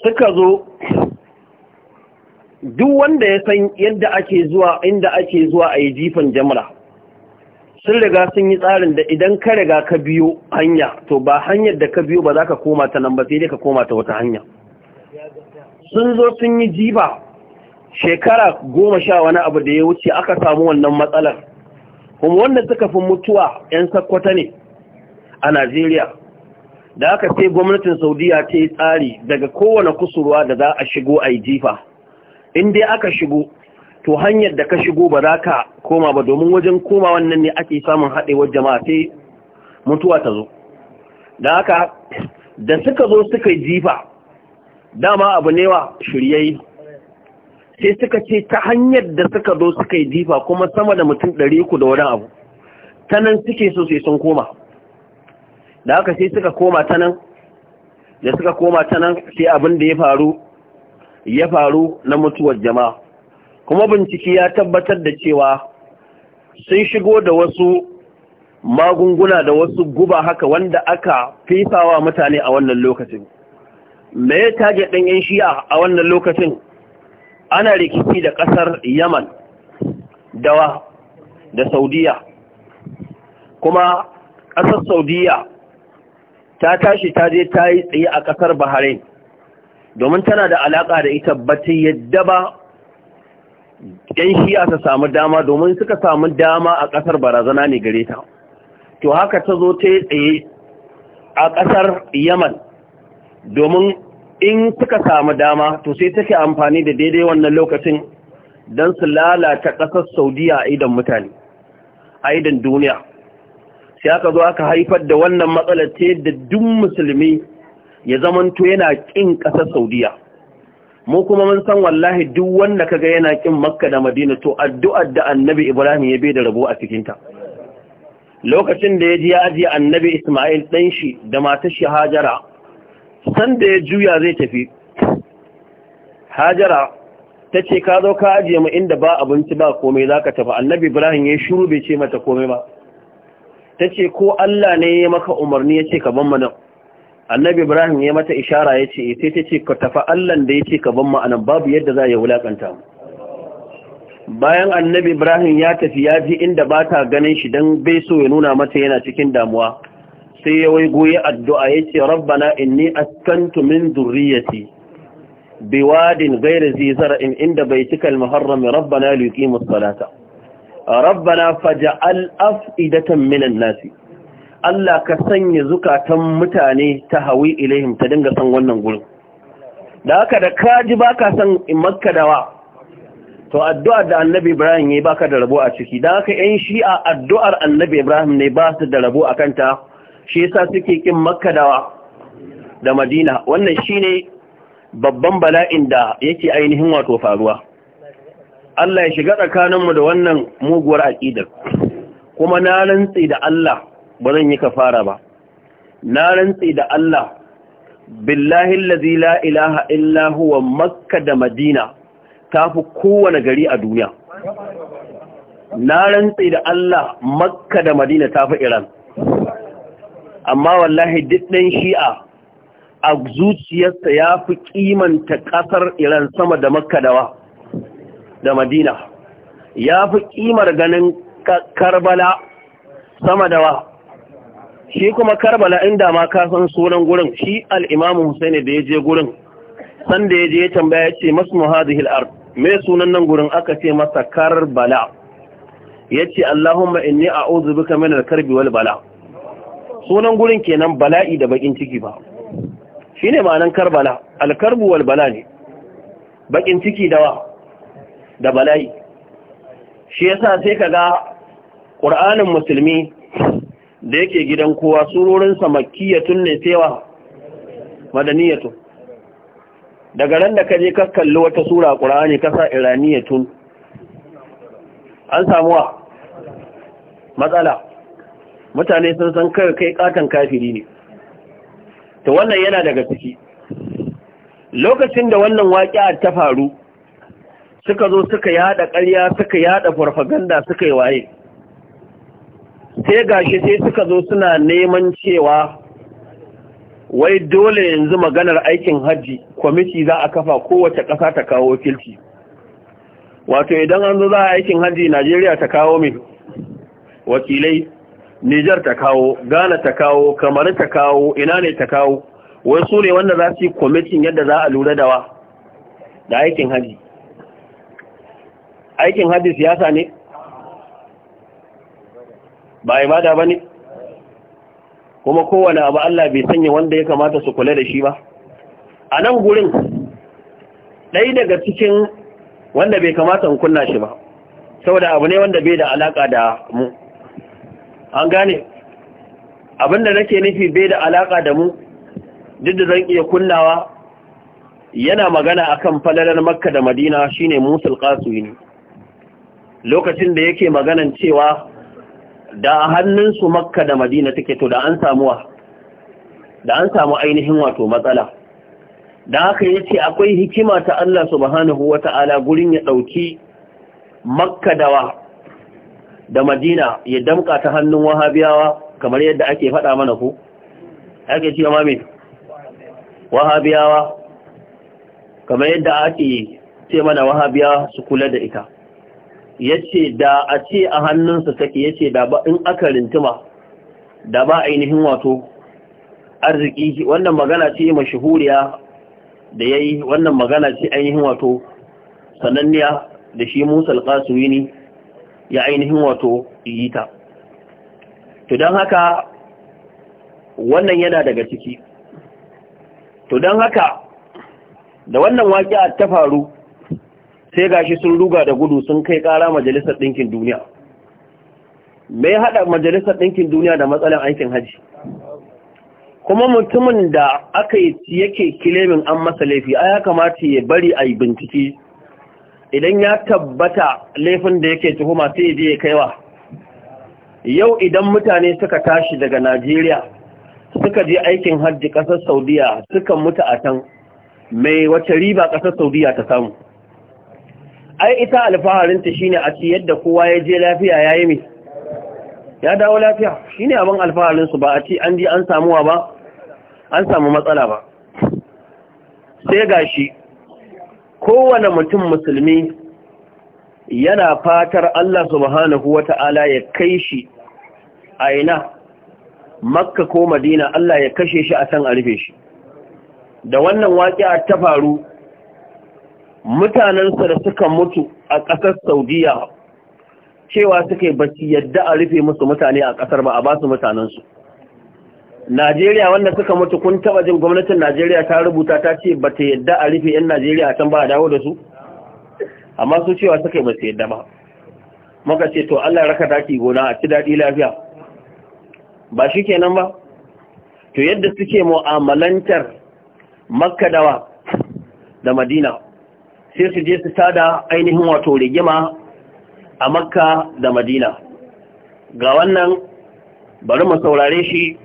suka zo duk wanda ya san yadda ake zuwa inda ake zuwa a yi jifan jamra sun riga sun yi tsarin da idan ka riga ka biyo hanya to ba hanyar da ka biyo ba za ka koma ta nan ba sai dai ka koma ta wata hanya sun zo sun yi jifa shekara goma sha wani abu da ya wuce aka samu wannan matsalar kuma wanda suka fi mutuwa 'yan sakwata ne a najeriya da aka ce gwamnatin saudiya ce tsari daga kowane kusurwa da za a shigo a jifa in dai aka shigo to hanyar da ka shigo ba za ka koma ba domin wajen koma wannan ne ake samun haɗewar jama'a sai mutuwa ta zo da aka da suka zo suka jifa dama abu newa shiryayi sai suka ce ta hanyar da suka zo suka yi jifa kuma sama da mutum ɗari ku da wani abu ta nan suke so sai sun koma da haka sai suka koma ta nan da suka koma ta nan sai abin da ya faru ya faru na mutuwar jama'a kuma bincike ya tabbatar da cewa sun shigo da wasu magunguna da wasu guba haka wanda aka fesawa mutane a wannan lokacin me ya tage ɗan yan shi'a a wannan lokacin ana rikici da ƙasar yaman dawa da saudiya kuma ƙasar saudiya ta tashi ta je ta yi tsaye a ƙasar bahrain domin tana da alaƙa da ita bata yadda ba ‘yan shiya ta samu dama domin suka samu dama a ƙasar barazana ne gare ta to haka ta zo ta yi tsaye a ƙasar yaman domin in suka samu dama to sai take amfani da daidai wannan lokacin don su lalata ƙasar saudiya a idan mutane a idan duniya sai aka zo aka haifar da wannan matsalar ce da duk musulmi ya zamanto yana ƙin ƙasar saudiya mu kuma mun san wallahi duk wanda kaga yana ƙin makka da madina to addu'ar da annabi ibrahim ya bai da rabo a cikinta lokacin da ya ji ya ajiye annabi isma'il ɗan shi da matar shi hajara sanda ya juya zai tafi hajara ta ce ka zo ka ajiye mu inda ba abinci ba komai za ka tafi annabi ibrahim ya shuru bai ce mata komai ba ta ce ko allah ne ya maka umarni ya ce ka ban mana annabi ibrahim ya mata ishara ya ce sai ta ce ka tafi allah da ya ce ka ban ma'ana babu yadda za ya wulakanta mu bayan annabi ibrahim ya tafi ya ji inda ba ta ganin shi don bai so ya nuna mata yana cikin damuwa sai ya waigo ya addu'a ya ce rabbana inni askantu min zurriyati biwadin gaira zizara'in inda bai cika al-muharrami rabbana liƙi musalata rabbana faja'al af'idatan minan nasi Allah ka sanya zukatan mutane ta hawi ilaihim ta dinga san wannan gurin da haka da kaji baka san makka dawa to addu'ar da annabi Ibrahim ya baka da rabo a ciki da haka ‘yan shi'a addu'ar annabi Ibrahim ne ba su da rabo a kanta shi yasa suke kin makka da da madina wannan shine babban bala'in da yake ainihin wato faruwa Allah ya shiga tsakaninmu da wannan muguwar aqidar kuma na rantsi da Allah ba zan yi kafara ba na rantsi da Allah billahi allazi la ilaha illa huwa makka da madina tafi kowane gari a duniya na rantsi da Allah makka da madina tafi iran amma wallahi duk ɗan shi'a a zuciyarsa ya fi kimanta ƙasar iran sama da makka dawa da madina ya fi kimar ganin karbala sama da wa shi kuma karbala inda ma ka san sunan gurin shi al'imamu husaini da ya je gurin sanda ya je ya tambaya ya ce masu muhadihil hil'ar. mai sunan nan gurin aka ce masa karbala ya ce allahumma ma'in ne a min al-karbi wal bala' sunan gurin kenan bala'i da bakin ciki ba Shi ne ma'anan karbala alkarbu wal bala ne bakin ciki dawa da bala'i shi yasa sai ka ga ƙur'anin musulmi da yake gidan kowa surorinsa makiyatun ne tewa madaniyatun daga ran da ka je ka kalli wata sura ƙur'ani kasa iraniyatun an samuwa matsala mutane sun san kai kai katan kafiri ne to wannan yana daga ciki lokacin da wannan waƙi'a ta faru suka zo suka yada ƙarya suka yada farfaganda suka yi waye sai gashi sai suka zo suna neman cewa wai dole yanzu maganar aikin hajji kwamiti za a kafa kowace ƙasa ta kawo wakilci wato idan an zo za a aikin hajji najeriya ta kawo mai wakilai Nijar ta kawo Ghana ta kawo kamar ta kawo ina ne ta kawo wai su ne wanda za su yi kwamitin yadda za a lura da wa da aikin haji aikin haji siyasa ne ba ibada ba ne kuma kowane abu Allah bai sanya wanda ya kamata su kula da shi ba a nan gurin ɗaya daga cikin wanda bai kamata in kunna shi ba saboda abu ne wanda bai da alaƙa da mu an gane abinda nake nufi bai da alaka da mu duk da zan iya kunnawa yana magana akan falalar makka da madina shine musul qasimi lokacin da yake maganan cewa da hannunsu makka da madina take to da an samu da an samu ainihin wato matsala da haka yace akwai hikima ta Allah subhanahu wata'ala gurin ya dauki makka da da madina ya damka ta hannun wahabiyawa kamar yadda ake faɗa mana ku? ake ce ma me wahabiyawa kamar yadda ake ce mana wahabiyawa su kula da ita Ya ce da a ce a hannunsa take ce da ba in aka rintuma da ba ainihin wato arziki wannan magana ce mashahuriya da ya yi wannan magana ce ainihin wato sananniya da shi Musul ƙasuri ne. ya ainihin wato yi ta to don haka wannan yana daga ciki to don haka da wannan a ta faru sai gashi sun ruga da gudu sun kai ƙara majalisar ɗinkin duniya mai haɗa majalisar ɗinkin duniya da matsalar aikin hajji kuma mutumin da aka yake kilemin an masa laifi a ya kamata ya bari a yi bincike idan ya tabbata laifin da yake tuhuma sai ya je ya kaiwa yau idan mutane suka tashi daga Najeriya suka je aikin hajji kasar Saudiya suka mutu a can mai wace riba ƙasar Saudiya ta samu ai ita alfaharinta shine a ci yadda kowa ya je lafiya yayi mai ya dawo lafiya shine abin alfaharin su ba a ci an ji an samuwa ba an samu matsala ba sai gashi kowane mutum musulmi yana fatar Allah subhanahu wata'ala ya kai shi a ina makka ko madina Allah ya kashe shi a san a rufe shi da wannan a ta faru mutanensa da suka mutu a ƙasar saudiya cewa suka yi basu yadda a rufe musu mutane a ƙasar ba a ba su mutanensu Najeriya wanda suka mutu kun taba jin gwamnatin Najeriya ta rubuta ta ce ba ta yadda a rufe 'yan Najeriya can ba a dawo da su? Amma su cewa suka yi ba ta yadda ba. Maka ce, to Allah raka daki gona a ci daɗi lafiya. Ba shi kenan ba? To yadda suke mu'amalantar Makka dawa da Madina, sai su je su tada ainihin wato rigima a Makka da Madina. Ga wannan, bari mu saurare shi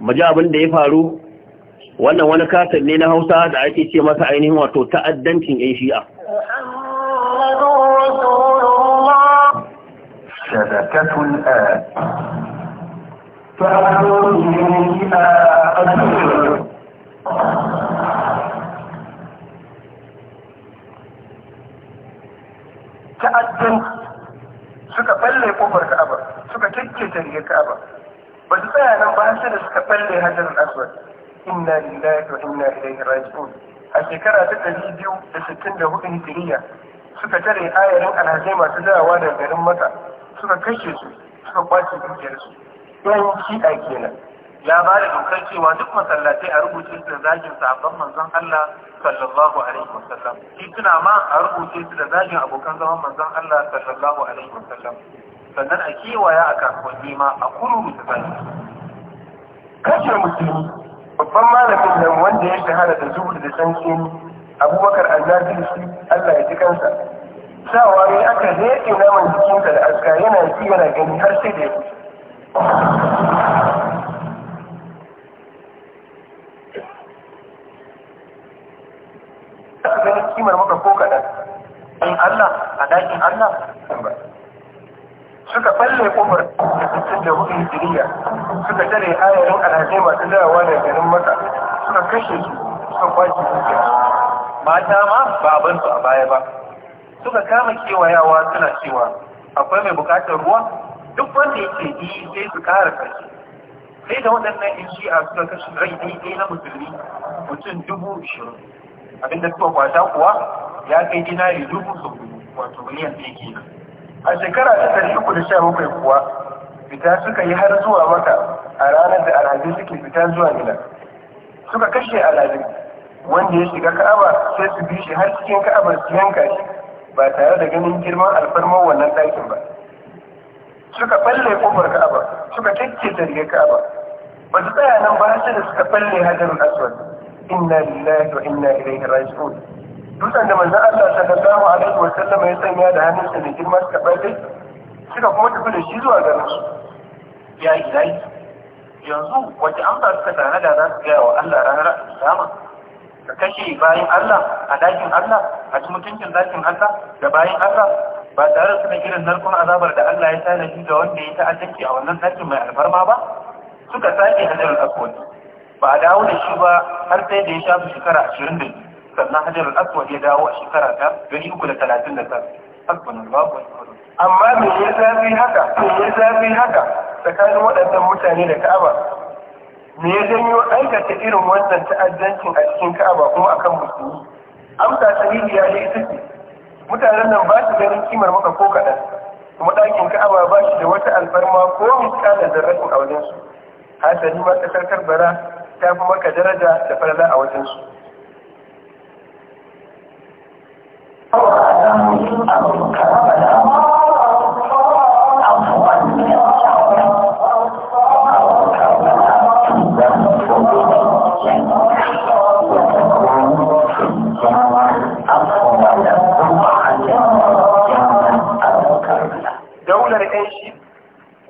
maji abin da ya faru wannan wani kasar ne na hausa da ake ce masa ainihin wato ta'addancin yan shi'a ta'addanci suka balle kofar ka'aba suka kyakkyace rigar ka'aba ba su tsaya nan ba da suka falle hajarin aswad inna lillahi wa inna ilaihi raji'un a shekara ta ɗari biyu da sittin da hudu hijiriya suka tare ayarin alhazai masu dawowa daga garin maka suka kashe su suka kwace dukiyarsu yan shi'a kenan ya ba da dokar cewa duk masallatai a rubuce su da zagin sabon manzon Allah sallallahu alaihi wasallam tituna ma a rubuce su da zagin abokan zaman manzon Allah sallallahu alaihi wasallam sannan a kewaya a kasuwanni ma a kururu da zagin kashe musulmi babban malamin nan wanda ya shahara da zuhur da sankin abubakar azabir shi Allah ya ji kansa sawa ne aka zai naman jikinsa da aska yana ji yana gani har sai da ya ka ganin kimar maka ko kaɗan in Allah a ɗakin Allah suka balle kofar cikin da hudu hijiriya suka tare ayarin alhaji masu dawowa da ganin maka suka kashe su suka kwace dukiya mata ma ba su a baya ba suka kama kewayawa suna cewa akwai mai bukatar ruwa duk wanda yake yi sai su kara kashi sai da waɗannan in shi'a suka kashe rai daidai na musulmi mutum dubu ishirin abinda suka kwata kuwa ya kai dinari dubu su wato miliyan ɗaya kenan a shekara ta ɗari uku da sha bakwai kuwa fita suka yi har zuwa maka a ranar da alhaji suke fita zuwa nila suka kashe alhaji wanda ya shiga ka'aba sai su bishe har cikin ka'abar su yanka shi ba tare da ganin girman alfarmar wannan ɗakin ba suka balle kofar ka'aba suka kyakkece rigar ka'aba ba su tsaya nan ba sai da suka balle hajarul aswad inna lillahi wa inna ilaihi raji'un dutsen da manzon Allah sallallahu alaihi wa sallam ya sanya da hannunsa da girma suka bayyana suka kuma tafi da shi zuwa garin su ya ilahi yanzu wace amsa suka tare da za su gaya wa Allah ranar kiyama ka kashe bayan Allah a dakin Allah a ci mutuncin dakin Allah da bayan Allah ba tare da na irin narkon azabar da Allah ya tare shi ga wanda ya ta'addanci a wannan dakin mai alfarma ba suka sake hajjar al'akwai ba a dawo da shi ba har sai da ya shafi shekara ashirin da biyu sannan hajar al'aswad ya dawo a shekara ta dari uku da talatin da tara hasbanin babu amma me ya zafi haka me ya zafi haka tsakanin waɗannan mutane da ka'aba me ya janyo aikata irin wannan ta'addancin a cikin ka'aba kuma akan musulmi amsa sahihi ya yi ita ce mutanen nan ba su ganin kimar maka ko kaɗan kuma ɗakin ka'aba ba shi da wata alfarma ko misalin zarrafin a wajensu hasali ma ta karkar bara ta fi maka daraja da falala a wajen wajensu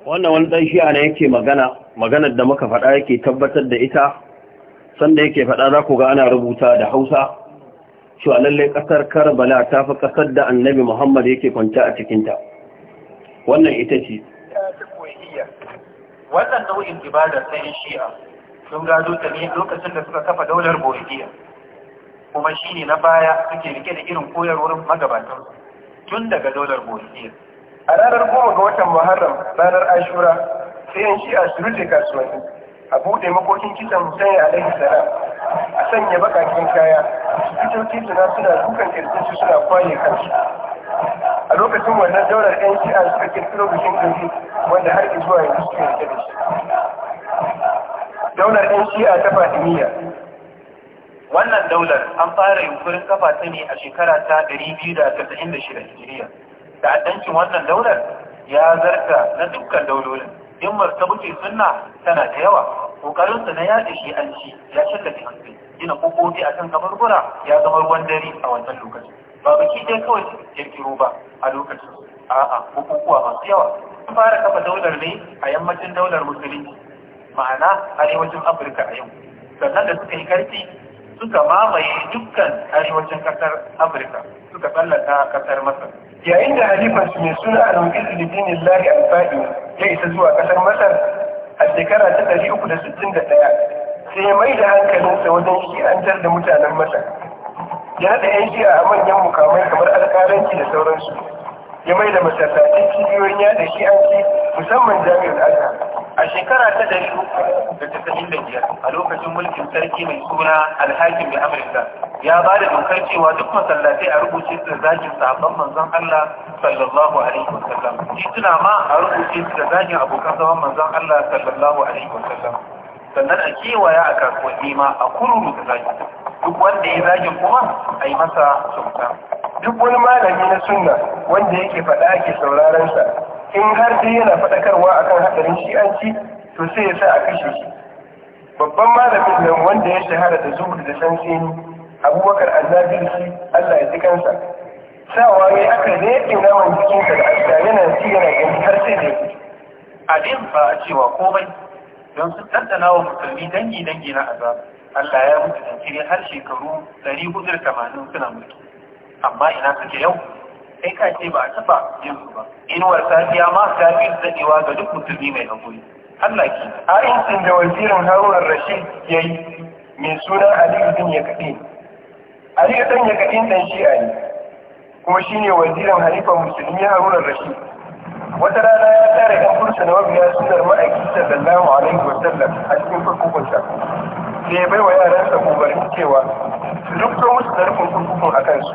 wannan wani ɗan shi'a ne yake magana maganar da muka faɗa yake tabbatar da ita sanda yake faɗa za ku ga ana rubuta da hausa shi lallai ƙasar karbala ta fi ƙasar da annabi muhammad yake kwanta a cikinta wannan ita ce wannan nau'in ibadar ta yin shi'a sun gado ta ne lokacin da suka kafa daular bohidiyya kuma shi ne na baya suke rike da irin koyarwar magabatan tun daga daular bohidiyya a ranar goma ga watan muharram ranar ashura sai yan shi a su rufe kasuwanni a buɗe makokin kisan musayi alaihi salam a sanya bakakin kaya su fito tituna suna dukan kirkin suna kwaye kansu a lokacin wannan daular yan shi'a suka kirkiro bikin kirki wanda har zuwa yanzu suke rike da shi daular yan shi'a ta fatimiyya wannan daular an fara yunkurin kafa ta ne a shekara ta 296 hijiriya addancin wannan daular ya zarta na dukkan daulolin ta buke sunna tana da yawa kokarin na yaɗa shi an ci ya shakka ki hankali gina a akan kamar gura ya zama ruwan dare a wannan lokacin ba baki dai kawai kirkiro ba a lokacin a'a kokokuwa masu yawa sun fara kafa daular ne a yammacin daular musulunci ma'ana arewacin afirka a yau sannan da suka yi karfi suka mamaye dukkan arewacin ƙasar afirka suka tsallaka kasar masar yayin da halifar mai suna a rumkin filifinin lari alfa'i ya isa zuwa kasar masar a shekara ta ɗari uku da sittin da ɗaya sai ya mai da hankalinsa wajen shi'antar da mutanen masar ya naɗa yan shi'a a manyan mukamai kamar alƙalanci da sauransu ya mai da masallaci cibiyoyin yada shi an ci musamman jami'ar Alka. a shekara ta ɗari uku da tasa'in da biyar a lokacin mulkin sarki mai suna alhakin da amurka ya ba da dokar cewa duk masallatai a rubuce su da zagin sahabban manzon allah sallallahu alaihi wasallam tituna ma a rubuce su da zagin abokan zaman manzon allah sallallahu alaihi wasallam sannan a kewaya a kasuwanni ma a kururu da zagin duk wanda ya zagin kuma a yi masa kyauta duk wani malami na sunna wanda yake faɗa ake sauraron sa in har dai yana faɗakarwa akan hadarin shi'anci to sai ya sa a kashe shi babban malamin nan wanda ya shahara da zuhud da sansini abubakar annabin shi Allah ya ji kansa sawa ne aka ne naman jikin da aska yana ci yana gani har sai da alim ba a cewa komai don su tattana wa musulmi dangi dangi na azab Allah ya mutu jinkiri har shekaru 480 suna mutu amma ina suke yau sai ka ce ba a taba yin su ba inuwar safiya ma ta fi ga duk musulmi mai haƙuri Allah ki A ainihin da wazirin Harunan rashid ya yi mai sunan aliyu din ya kaɗe aliyu ɗan ya kaɗe ɗan a yi. kuma shi ne wazirin halifa musulmi Harunan rashid wata rana ya tsara ɗan kursa na mabiya sunar ma'aiki sallallahu alaihi wasallam a cikin farko-farkon kurkukunsa da ya bai wa yaransa umarni cewa su dukkan musu da rufin kurkukun a kansu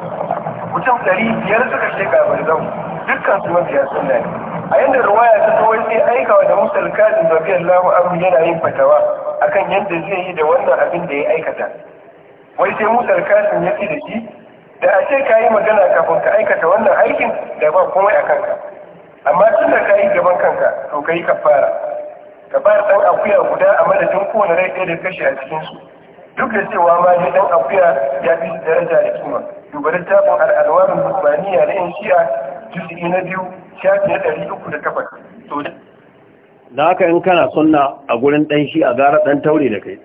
mutum ɗari biyar suka ce sheka barzau dukkan su mabiya sunna ne a yadda ruwaya ta zo wani aikawa da musul kazin radiyallahu abu yana yin fatawa akan yadda zai yi da wannan abin da ya aikata wai sai musu alkalin ya fi da shi da a ce ka yi magana kafin ka aikata wannan aikin da ba komai a kanka amma tun da ka yi gaban kanka to ka yi kafara ka ba ɗan akuya guda a madadin kowane rai ɗaya da kashe a cikinsu duk da cewa ma ne ɗan akuya ya fi daraja da kima duba littafin al'alwarin rubaniya na yan shi'a juz'i na biyu shafi na ɗari uku da takwas to da haka in kana sunna a gurin ɗan shi'a gara ɗan taure da kai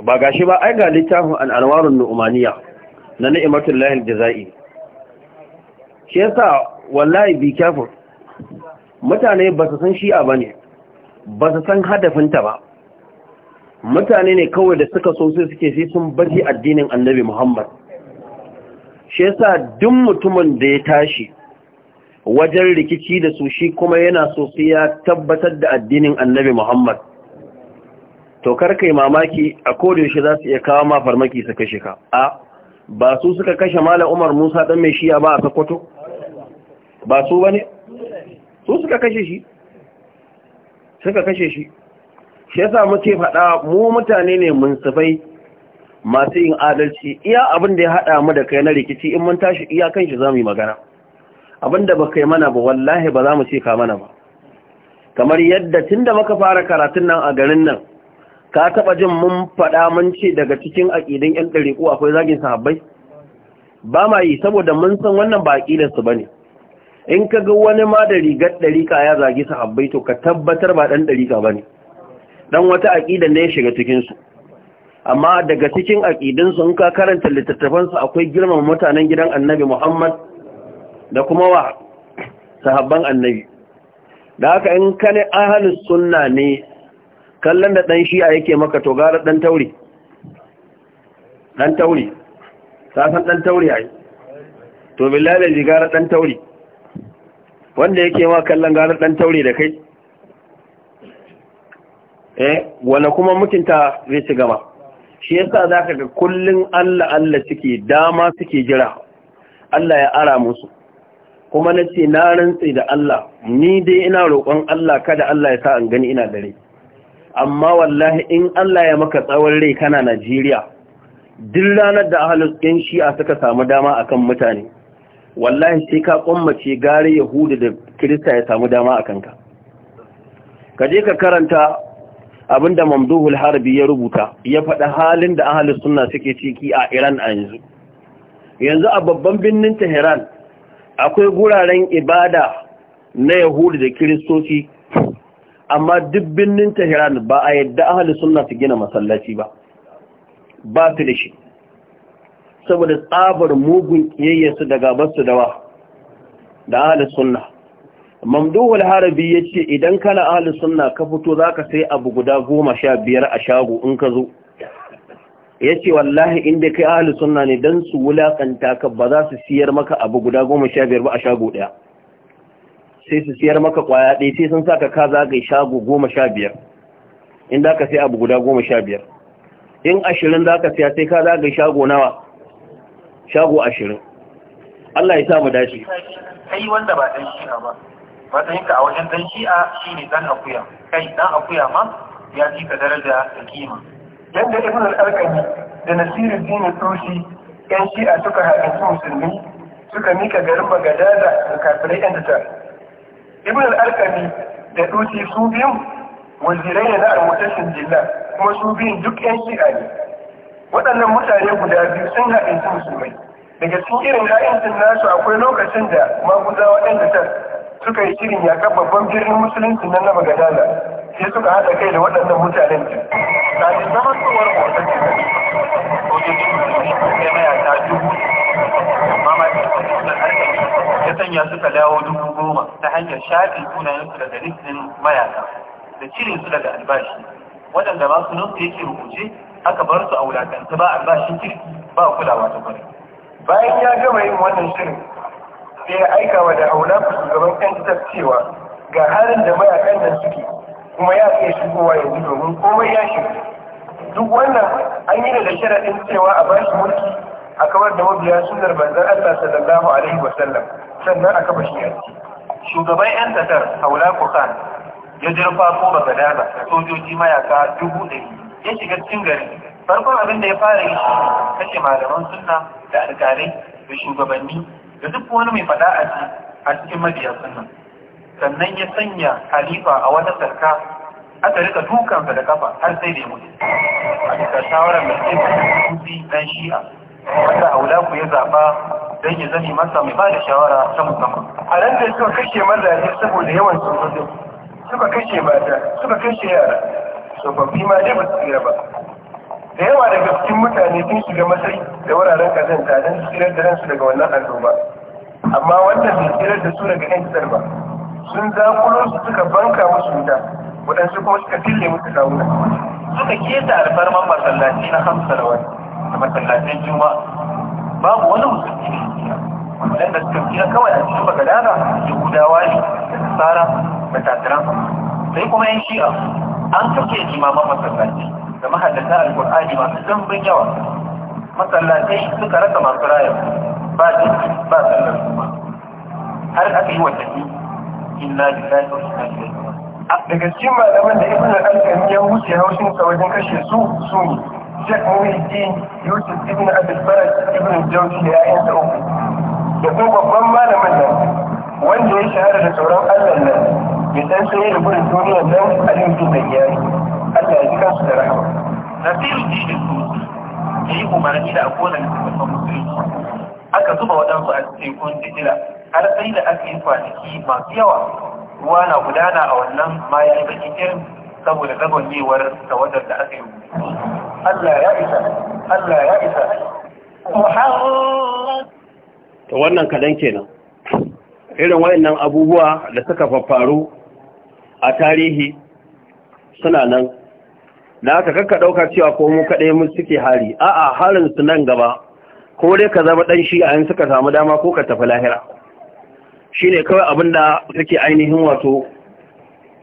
ba ga shi ba ai ga littafin al'alwarin nu'umaniya na ni'imatul lahil jaza'i shi yasa wallahi bi kafir mutane ba su san shi'a ba ne ba su san hadafinta ba mutane ne kawai da suka so sai suke sai sun baji addinin annabi muhammad shi yasa duk mutumin da ya tashi wajen rikici da su shi kuma yana so sai ya tabbatar da addinin annabi muhammad to yi mamaki a kodayaushe za su iya kawo ma farmaki su kashe ka a ba su suka kashe malam umar musa dan mai shiya ba a sakwato ba su ba ne su suka kashe shi suka kashe shi shi yasa muke faɗa mu mutane ne mun sufai masu yin adalci iya abin da ya haɗa mu da kai na rikici in mun tashi iya kan shi zamu yi magana abin da ba kai mana ba wallahi ba za mu ce ka mana ba kamar yadda tun da muka fara karatun nan a garin nan ka taɓa jin mun faɗa mun ce daga cikin aƙidan 'yan ɗariƙo akwai zagin sahabbai ba ma yi saboda mun san wannan ba aƙidarsu ba ne in ka ga wani ma da rigar ɗarika ya zagi sahabbai to ka tabbatar ba ɗan ɗarika ba ne ɗan wata aƙidan ne ya shiga cikinsu amma daga cikin aƙidinsu in ka karanta littattafansu akwai girman mutanen gidan annabi muhammad da kuma wa sahabban annabi da haka in ka ne ahalus sunna ne kallon da ɗan shi'a yake maka to gara ɗan tauri ɗan tauri ta san ɗan tauri a yi to gara ɗan tauri wanda yake ma kallon garar dan taure da kai eh kuma mutunta zai ci gaba shi yasa zaka ga kullun Allah Allah suke dama suke jira Allah ya ara musu kuma nace na rantsi da Allah ni dai ina roƙon Allah kada Allah ya sa an gani ina dare amma wallahi in Allah ya maka tsawon rai kana Najeriya duk ranar da ahalus ɗin shi'a suka samu dama akan mutane wallahi sai ka kwammace gari yahudu da kirista ya samu dama a kanka ka je ka karanta abinda mamduhul harbi ya rubuta ya faɗa halin da ahalus sunna suke ciki a iran a yanzu yanzu a babban birnin tehran akwai guraren ibada na yahudu da kiristoci amma duk birnin tehran ba a yadda ahli sunna su gina masallaci ba ba su da shi saboda tsabar mugun kiyayyarsu da basu da wa da ahli sunna mamduhul harabi yace idan kana ahli sunna ka fito zaka sai abu guda 15 a shago in ka zo yace wallahi inda kai ahli sunna ne dan su wulakanta ka ba za su siyar maka abu guda 15 ba a shago daya sai su siyar maka kwaya ɗaya sai sun saka ka zagaye shago 15 inda ka sai abu guda 15 in 20 zaka siya sai ka zagaye shago nawa shago ashirin Allah ya sa mu dace kai wanda ba dan shi'a ba ka a wajen dan shi'a shine dan akuya kai dan akuya ma ya ji ka daraja da kima yadda ibn al-arqami da nasirin dini tushi yan shi'a suka haɗa su musulmi suka mika garin bagadaza da kafirai yan ta ibn al-arqami da tushi su biyu wazirai na al-mutashin jilla kuma su biyun duk yan shi'a ne waɗannan mutane guda biyu sun su musulmai daga cikin irin ha'incin nasu akwai lokacin da maguzawa ɗan gasar suka yi shirin yakan babban birnin musulunci na magadana sai suka haɗa kai da waɗannan mutanen su na ji zaman tsawar motsa ce da sojojin musulmi sai mayata dubu amma ce ya sanya suka dawo dubu goma ta hanyar shafi su daga listin mayata da cire su daga albashi waɗanda masu nufi yake rubuce aka bar su a wulakanta ba a albashin kirki ba kulawa ta kwarai bayan ya gama yin wannan shirin sai ya aika wa da aula ku shugaban kan cewa ga halin da mayakan nan suke kuma ya iya shigowa yanzu domin komai ya shiga duk wannan an yi da sharaɗin cewa a ba shi mulki a kawar da mabiya sunar banzan Allah sallallahu alaihi wa sallam sannan a kafa shi yanci shugaban yan tatar haula kusan ya jirfa ko ba gadana sojoji mayaka dubu ɗari ya shiga cikin gari farkon abin da ya fara yi kashe malaman sunna da alkalai da shugabanni da duk wani mai fada a cikin mabiya sunna sannan ya sanya halifa a wata sarka aka rika dukansa da kafa har sai da ya mutu a cikin shawarar da sai kusi dan shi'a wanda aula ku ya zaba don ya zame masa mai ba da shawara ta musamman a ran da suka kashe mazaje saboda yawan sun suka kashe mata suka kashe yara tsofaffi ma dai ba su tsira ba da yawa daga cikin mutane sun shiga matsayi da wuraren kazanta don su tsirar da ransu daga wannan annoba amma wanda bai tsirar da su daga yan ba sun zakulo su suka banka musu wuta waɗansu kuma suka fille musu kawuna suka keta alfarman masallaci na hamsa da wani da masallacin Juma'a. babu wani musulmi da Wannan da suka fiye kawai a cikin bagadana gudawa ne da tsara da tasiran sai kuma yan shi'a an kake limaman masallaci da mahallata alkur'ani masu zambin yawa masallatai suka rasa masu raya ba jiki ba sallar kuma har aka yi watanni inna lillahi wa ba? A daga cikin malaman da ibn al-alkami ya wuce haushin sa wajen kashe su su ne Sheikh Muhyiddin Yusuf ibn Abdul Faraj ibn Jawzi da ya sa uku da kuma babban malamin nan wanda ya shahara da sauran Allah nan ya san yi da burin duniya don su mai yari Allah ya ji su da rahama nasiru ji da su ya yi umarni da akonan da su? aka zuba waɗansu a tekun jijira har sai da aka yi kwanaki masu yawa ruwa na gudana a wannan mayan bakin irin saboda gabanyewar tawadar da aka yi Allah ya isa Allah ya isa to wannan kadan kenan irin wayannan abubuwa da suka faffaru a tarihi suna nan da aka kakka ɗauka cewa ko mu kaɗai mu suke hari a'a harin su nan gaba ko dai ka zama ɗan shi a yin suka samu dama ko ka tafi lahira shi ne kawai abin da suke ainihin wato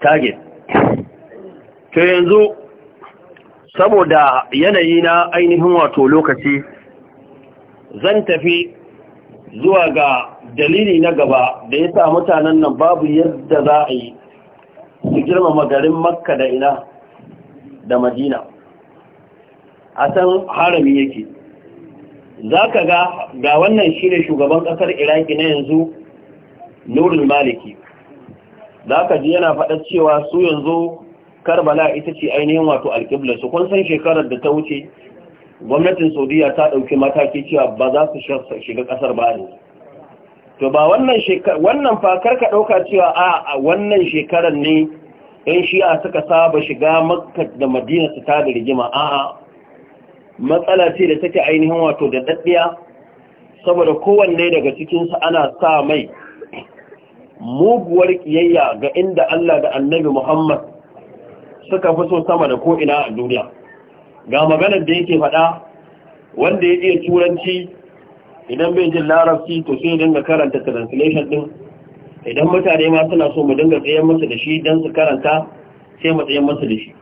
target to yanzu saboda yanayi na ainihin wato lokaci zan tafi zuwa ga dalili na gaba da ya sa mutanen nan babu yadda za a yi su girmama garin makka da ina da madina a san harami yake za ka ga ga wannan shi ne shugaban ƙasar iraki na yanzu nurul maliki za ka ji yana faɗa cewa su yanzu karbala ita ce ainihin wato alƙibla su kun san shekarar da ta wuce gwamnatin saudiya ta ɗauki mataki cewa ba za su shiga ƙasar ba ne to ba wannan shekarar wannan fakar ka ɗauka cewa a wannan shekarar ne in shi'a suka saba shiga makka da madina su ta da rigima a'a matsala ce da take ainihin wato da daddiya saboda kowanne daga cikinsu ana sa mai muguwar ƙiyayya ga inda Allah da annabi Muhammad suka fi so sama da ko'ina a duniya ga maganar da yake faɗa wanda ya iya turanci idan bai jin larabci to sai dinga karanta translation ɗin idan mutane ma suna so mu dinga tsayen masa da shi don su karanta sai mu tsayen masa da shi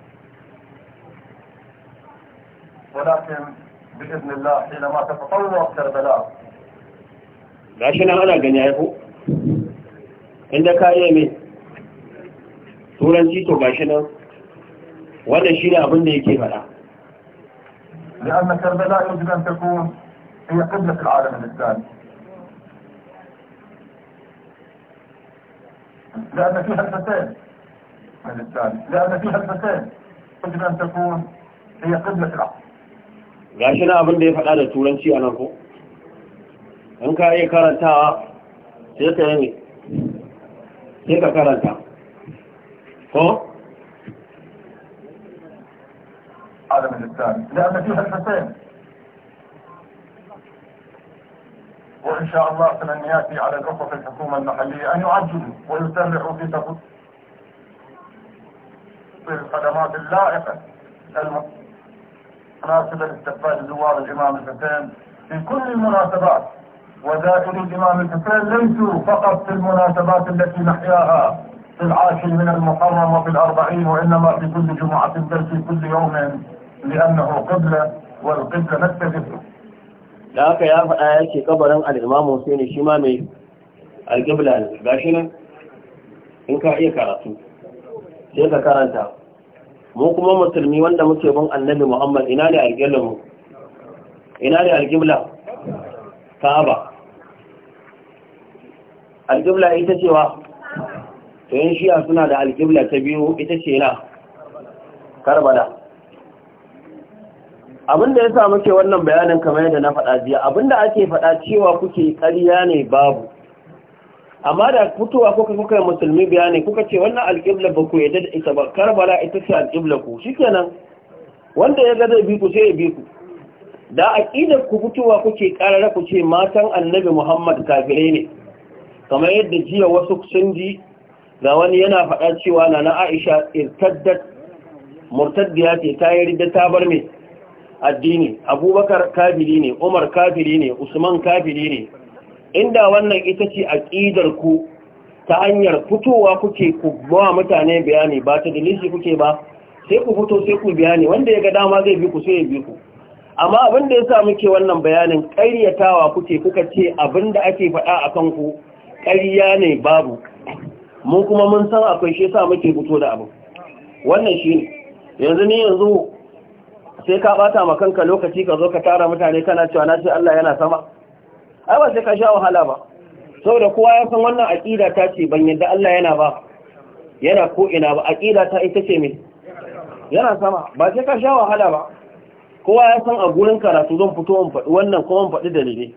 gashi nan ana gani haiku inda ka yi mai turanci to gashi nan wannan shi ne abin da yake fara لأن كربلاء يجب أن تكون هي قبلة العالم الإسلامي لأن فيها الفساد من الثالث لأن فيها الفساد يجب أن تكون هي قبلة العقل gashi na abin da ya faɗa da turanci a nan ko in ka iya karantawa sai من الثاني لأن فيها الفساد وإن شاء الله فلن يأتي على الأخوة الحكومة المحلية أن يعجلوا ويسرعوا في في الخدمات اللائقة المناسبة لاستقبال زوار الإمام الحسين في كل المناسبات وزائر الإمام الحسين ليسوا فقط في المناسبات التي نحياها في العاشر من المحرم وفي الأربعين وإنما في كل جمعة بل في كل يوم لأنه قبلة والقبلة نتفق da haka ya faɗa ya ce kabarin al'imamu sai ne shi ma mai alƙibla ne ga shi nan in ka iya karatu sai ka karanta mu kuma musulmi wanda muke bin annabi muhammad ina ne alƙibla mu ina ne alƙibla ba alƙibla ita cewa to yin shiya suna da alƙibla ta biyu ita ce na karbala abin da ya sa muke wannan bayanin kamar yadda na faɗa jiya abin da ake faɗa cewa kuke ƙarya ne babu amma da fitowa kuka kuka yi musulmi bayani kuka ce wannan alƙibla ba ku yadda da ita ba karbala ita ce alƙibla ku shikenan wanda ya ga zai bi ku sai ya bi ku da aƙidar ku fitowa kuke ƙarara ku ce matan annabi muhammad kafirai ne kamar yadda jiya wasu sun ji ga wani yana faɗa cewa na na aisha irtaddat murtaddiya ce ta yi ta bar mai addini abubakar kafiri ne umar kafiri ne usman kafiri ne inda wannan ita ce aƙidar ku ta hanyar fitowa kuke ku bawa mutane bayani ba ta dalisi kuke ba sai ku fito sai ku bayani wanda ya ga dama zai bi ku sai ya bi ku amma abin da ya sa muke wannan bayanin ƙaryatawa kuke kuka ce abin da ake faɗa a kan ku ƙarya ne babu mun kuma mun san akwai shi sa muke fito da abu wannan shi ne yanzu ni yanzu sai ka bata ma kanka lokaci ka zo ka tara mutane kana cewa na ce Allah yana sama ai ba sai ka sha wahala ba saboda kowa ya san wannan aqida ta ce ban yadda Allah yana ba yana ko ina ba aqida ta ita ce me yana sama ba sai ka sha wahala ba kowa ya san a gurin karatu zan fito in faɗi wannan kuma in faɗi dalili.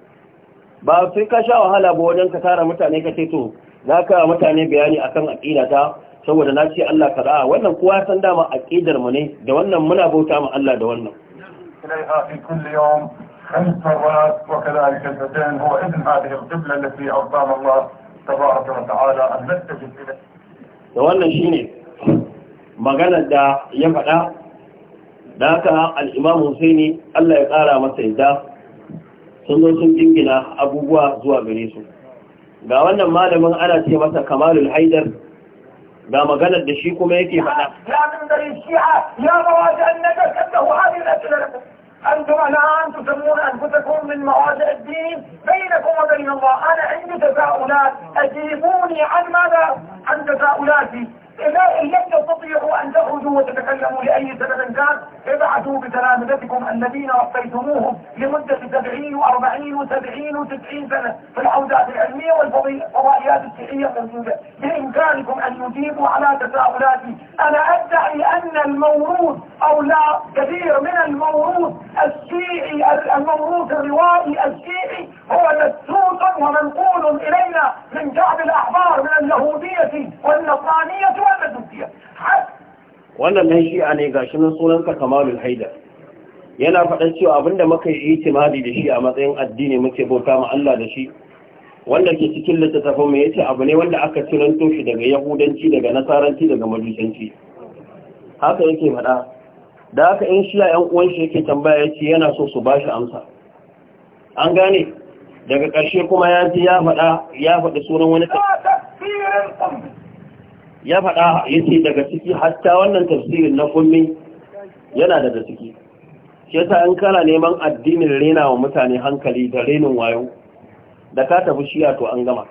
ba sai ka sha wahala ba wajen ka tara mutane ka ce to za ka mutane bayani akan aqida ta saboda na ce Allah kaza wannan kuwa san dama aqidar mu ne da wannan muna bauta ma Allah da wannan إليها في كل يوم خمس wannan shine maganar da ya faɗa da haka al'imam Husaini Allah ya ƙara masa yadda sun zo sun jingina abubuwa zuwa gare su ga wannan malamin ana ce masa kamalul haidar ga maganar da shi kuma yake faɗa ya min الشيعة يا مواجع النجس أنه هذه الأسئلة أنتم الآن تسمون أنفسكم من مواجع الدين بينكم وبين الله أنا عندي تساؤلات أجيبوني عن ماذا تساؤلاتي إذا لم تستطيعوا أن تخرجوا وتتكلموا لأي سبب كان ابعثوا بتلامذتكم الذين وقيتموهم لمدة 70 و40 و70 و90 سنة في الحوزات العلمية والفضائيات الصحية الموجودة بإمكانكم أن يجيبوا على تساؤلاتي أنا أدعي أن الموروث أو لا كثير من الموروث الشيعي الموروث الروائي الشيعي هو مسوس ومنقول إلينا من كعب الأحبار من اليهودية والنصرانية والمجوسية wannan nan shi'a ne shi nan sunanka kamalul haida yana faɗin cewa abinda muka yi itimadi da shi a matsayin addini muke bauta ma Allah da shi wanda ke cikin littattafan mu yace abu ne wanda aka ciranto shi daga yahudanci daga nasaranci daga majusanci haka yake faɗa da haka in shi'a yan uwan yake tambaya yace yana so su ba shi amsa an gane daga ƙarshe kuma ya ji ya faɗa ya faɗa sunan wani ya faɗa ya ce daga ciki hatta wannan tafsirin na kummi yana daga ciki ke ta an kana neman addinin rena wa mutane hankali da renin wayo da ka tafi shiya to an gama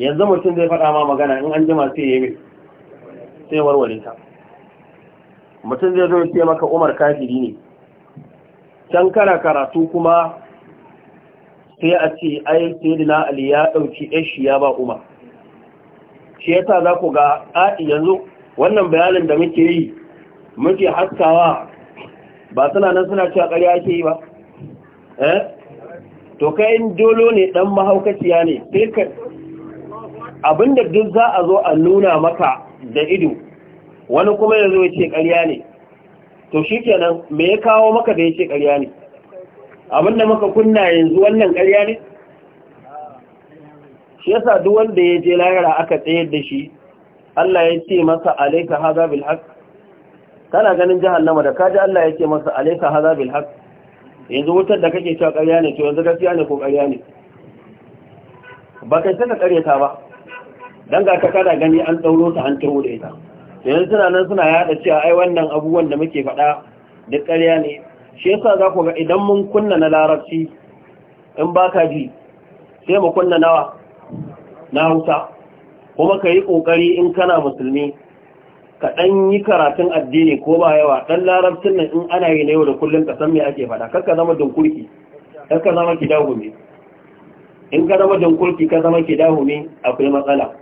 yanzu mutum zai faɗa ma magana in an jima sai ya sai warware ta mutum zai zo ya maka umar kafiri ne can kana karatu kuma sai a ce ai sayyidina ali ya dauki shi ya ba umar shi yasa za ku ga a yanzu wannan bayanin da muke yi muke haskawa ba suna nan suna cewa ƙarya ake yi ba eh to kai in dolo ne dan mahaukaciya ne sai ka abinda duk za a zo a nuna maka da ido wani kuma yanzu ya ce ƙarya ne to shikenan me ya kawo maka da ya ce ƙarya ne abin da muka kunna yanzu wannan ƙarya ne shi yasa duk wanda ya je lahira aka tsayar da shi Allah ya ce masa alaika haza bil kana ganin jahannama da kaji Allah ya ce masa alaika haza bil yanzu wutar da kake cewa ƙarya ne to yanzu gaskiya ne ko ƙarya ne ba kai saka ƙaryata ba dan ga ta kada gani an dauro ta an turo da ita yanzu suna nan suna yada cewa ai wannan abubuwan da muke faɗa duk ƙarya ne shi yasa za ku ga idan mun kunna na larabci in ba ka ji sai mu kunna nawa na hausa kuma ka yi ƙoƙari in kana musulmi ka ɗan yi karatun addini ko ba yawa ɗan larabcin nan in ana yi na yau da kullum ka san me ake faɗa ka zama dunkurki ka zama ki dahume in ka zama dunkurki ka zama ki dahume akwai matsala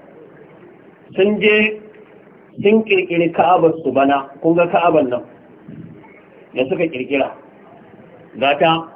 sun je sun kirkiri ka'abar su bana kun ga ka'abar nan da suka kirkira ga ta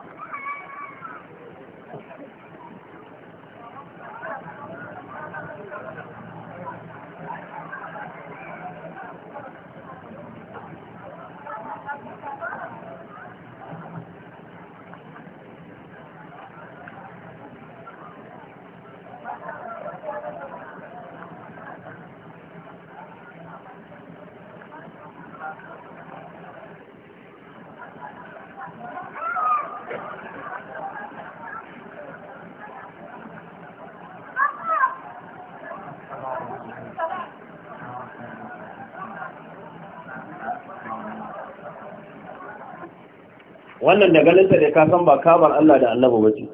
wannan da ganinta da ka san ba kabar Allah da annabi ba ce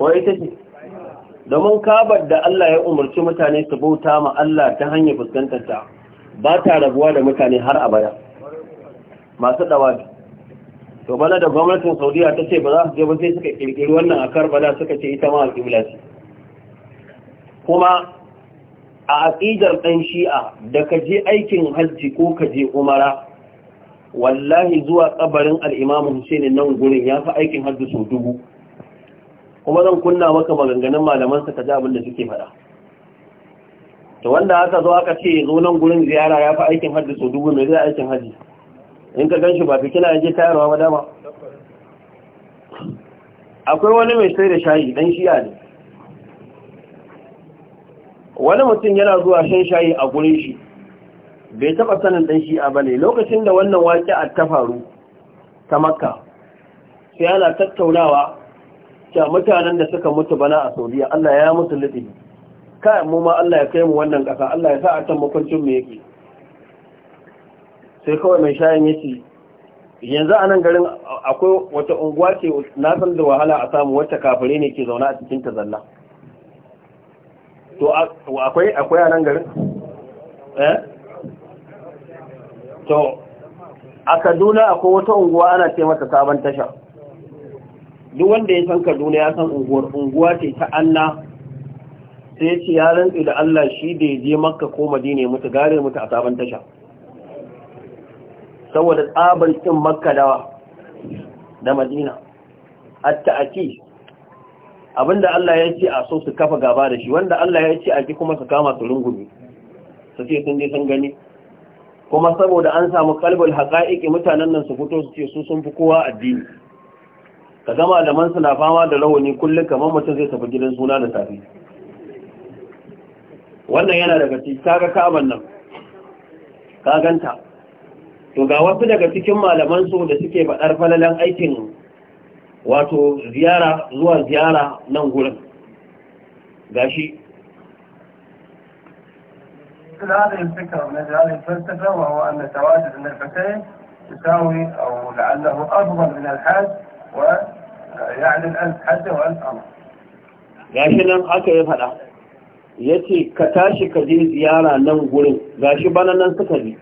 ko ita ce domin kabar da Allah ya umarci mutane su bauta ma Allah ta hanyar fuskantar ta ba ta rabuwa da mutane har abada masu dawabi to bana da gwamnatin Saudiya ta ce ba za su je ba sai suka kirkiri wannan a Karbala suka ce ita ma alƙibla ce kuma a aqidar dan Shi'a da ka je aikin hajji ko ka je umara wallahi zuwa kabarin al'imamu Hussein nan gurin ya fi aikin haddu sau dubu kuma zan kunna maka maganganun malamansa ka ji abin da suke faɗa to wanda aka zo aka ce zo nan gurin ziyara ya fi aikin haddu sau dubu mai zai aikin hajji in ka gan shi ba fi kina je tayarwa ba dama akwai wani mai sai da shayi dan shiya ne wani mutum yana zuwa shan shayi a gurin shi bai taɓa sanin ɗan shi'a ba ne lokacin da wannan waƙi a ta faru ta makka sai ana tattaunawa ta mutanen da suka mutu bana a saudiya allah ya mutu liɗi kayan yi allah ya kai mu wannan ƙasa allah ya sa a can mu yake sai kawai mai shayin ya ce yanzu a nan garin akwai wata unguwa ce na san da wahala a samu wata kafire ne ke zaune a cikin ta zalla to akwai a nan garin eh? to a kaduna akwai wata unguwa ana ce mata sabon tasha duk wanda ya san kaduna ya san unguwar unguwa ce ta anna sai ce ya rantsu da allah shi da ya je makka ko madina mutu gare mutu a sabon tasha saboda tsabar cin makka dawa da madina a ta'aki abinda allah ya ce a so su kafa gaba da shi wanda allah ya ce a ki kuma su kama su rungumi su ce sun je sun gani kuma saboda an samu kalbul haƙa'iƙi mutanen nan su fito su ce su sun fi kowa addini ka gama man suna fama da rawani kullum kamar mutum zai tafi gidan suna da safe wannan yana daga cikin kaga kaban nan ka ganta to ga wasu daga cikin malaman su da suke faɗar falalan aikin wato ziyara zuwa ziyara nan gurin gashi مثل هذه الفكرة ومثل هذه الفلسفة وهو أن تواجد من الفتية يساوي أو لعله أفضل من الحج ويعني الألف حجة وألف أمر gashi nan haka ya faɗa ya ce ka tashi ka je ziyara nan gurin gashi bana nan suka bi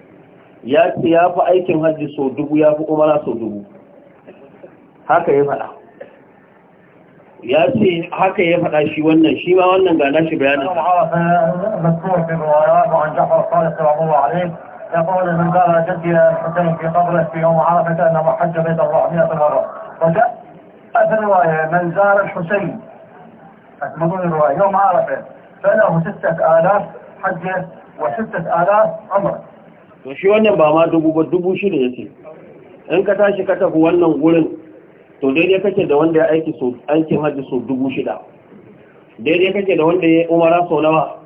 ya ce ya fi aikin hajji sau dubu ya fi umara sau dubu haka ya faɗa ya ce haka ya faɗa shi wannan shi ma wannan ga nashi bayanin يقول من قال جدي الحسين في قبره في يوم عرفة أنه حج بيت الله 100 مرة وجاء في الرواية من زار الحسين مضمون الرواية يوم عرفة فله 6000 حجة و6000 عمر. وشي wannan ba ma dubu ba dubu shida yake in ka tashi ka tafi wannan gurin to daidai kake da wanda ya aiki so aikin hajji so dubu shida daidai kake da wanda ya umara so nawa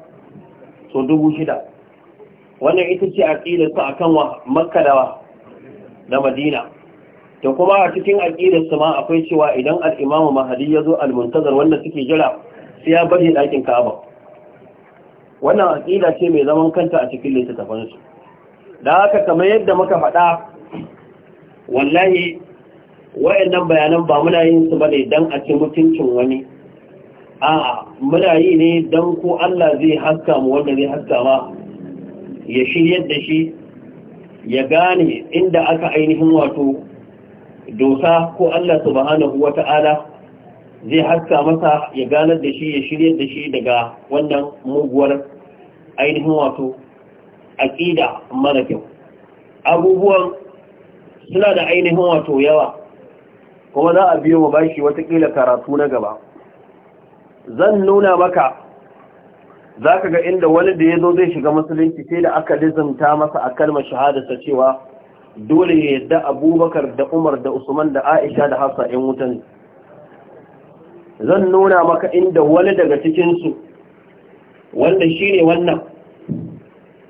so dubu shida wannan ita ce aqidar a kan wa makka da da kuma a cikin aqidar ma akwai cewa idan al'imamu Mahadi ya zo almuntazar wanda suke jira sai ya bari ɗakin kaba wannan aƙida ce mai zaman kanta a cikin littattafansu da haka kamar yadda muka faɗa wallahi wayannan bayanan ba muna yin su bane dan a ci mutuncin wani a'a muna yi ne dan ko Allah zai haska mu wanda zai haska ma ya shirya da shi ya gane inda aka ainihin wato dosa ko Allah subhanahu wata'ala zai haska masa ya ganar da shi ya shirya da shi daga wannan muguwar ainihin wato aƙida mara kyau abubuwan suna da ainihin wato yawa kuma za a biyo wa bashi watakila karatu na gaba zan nuna maka za ka ga inda wani da ya zo zai shiga musulunci sai da aka lizimta masa a kalmar shahadarsa cewa dole ya yadda abubakar da umar da usman da aisha da hafsa yan wutan zan nuna maka inda wani daga cikinsu wanda shi ne wannan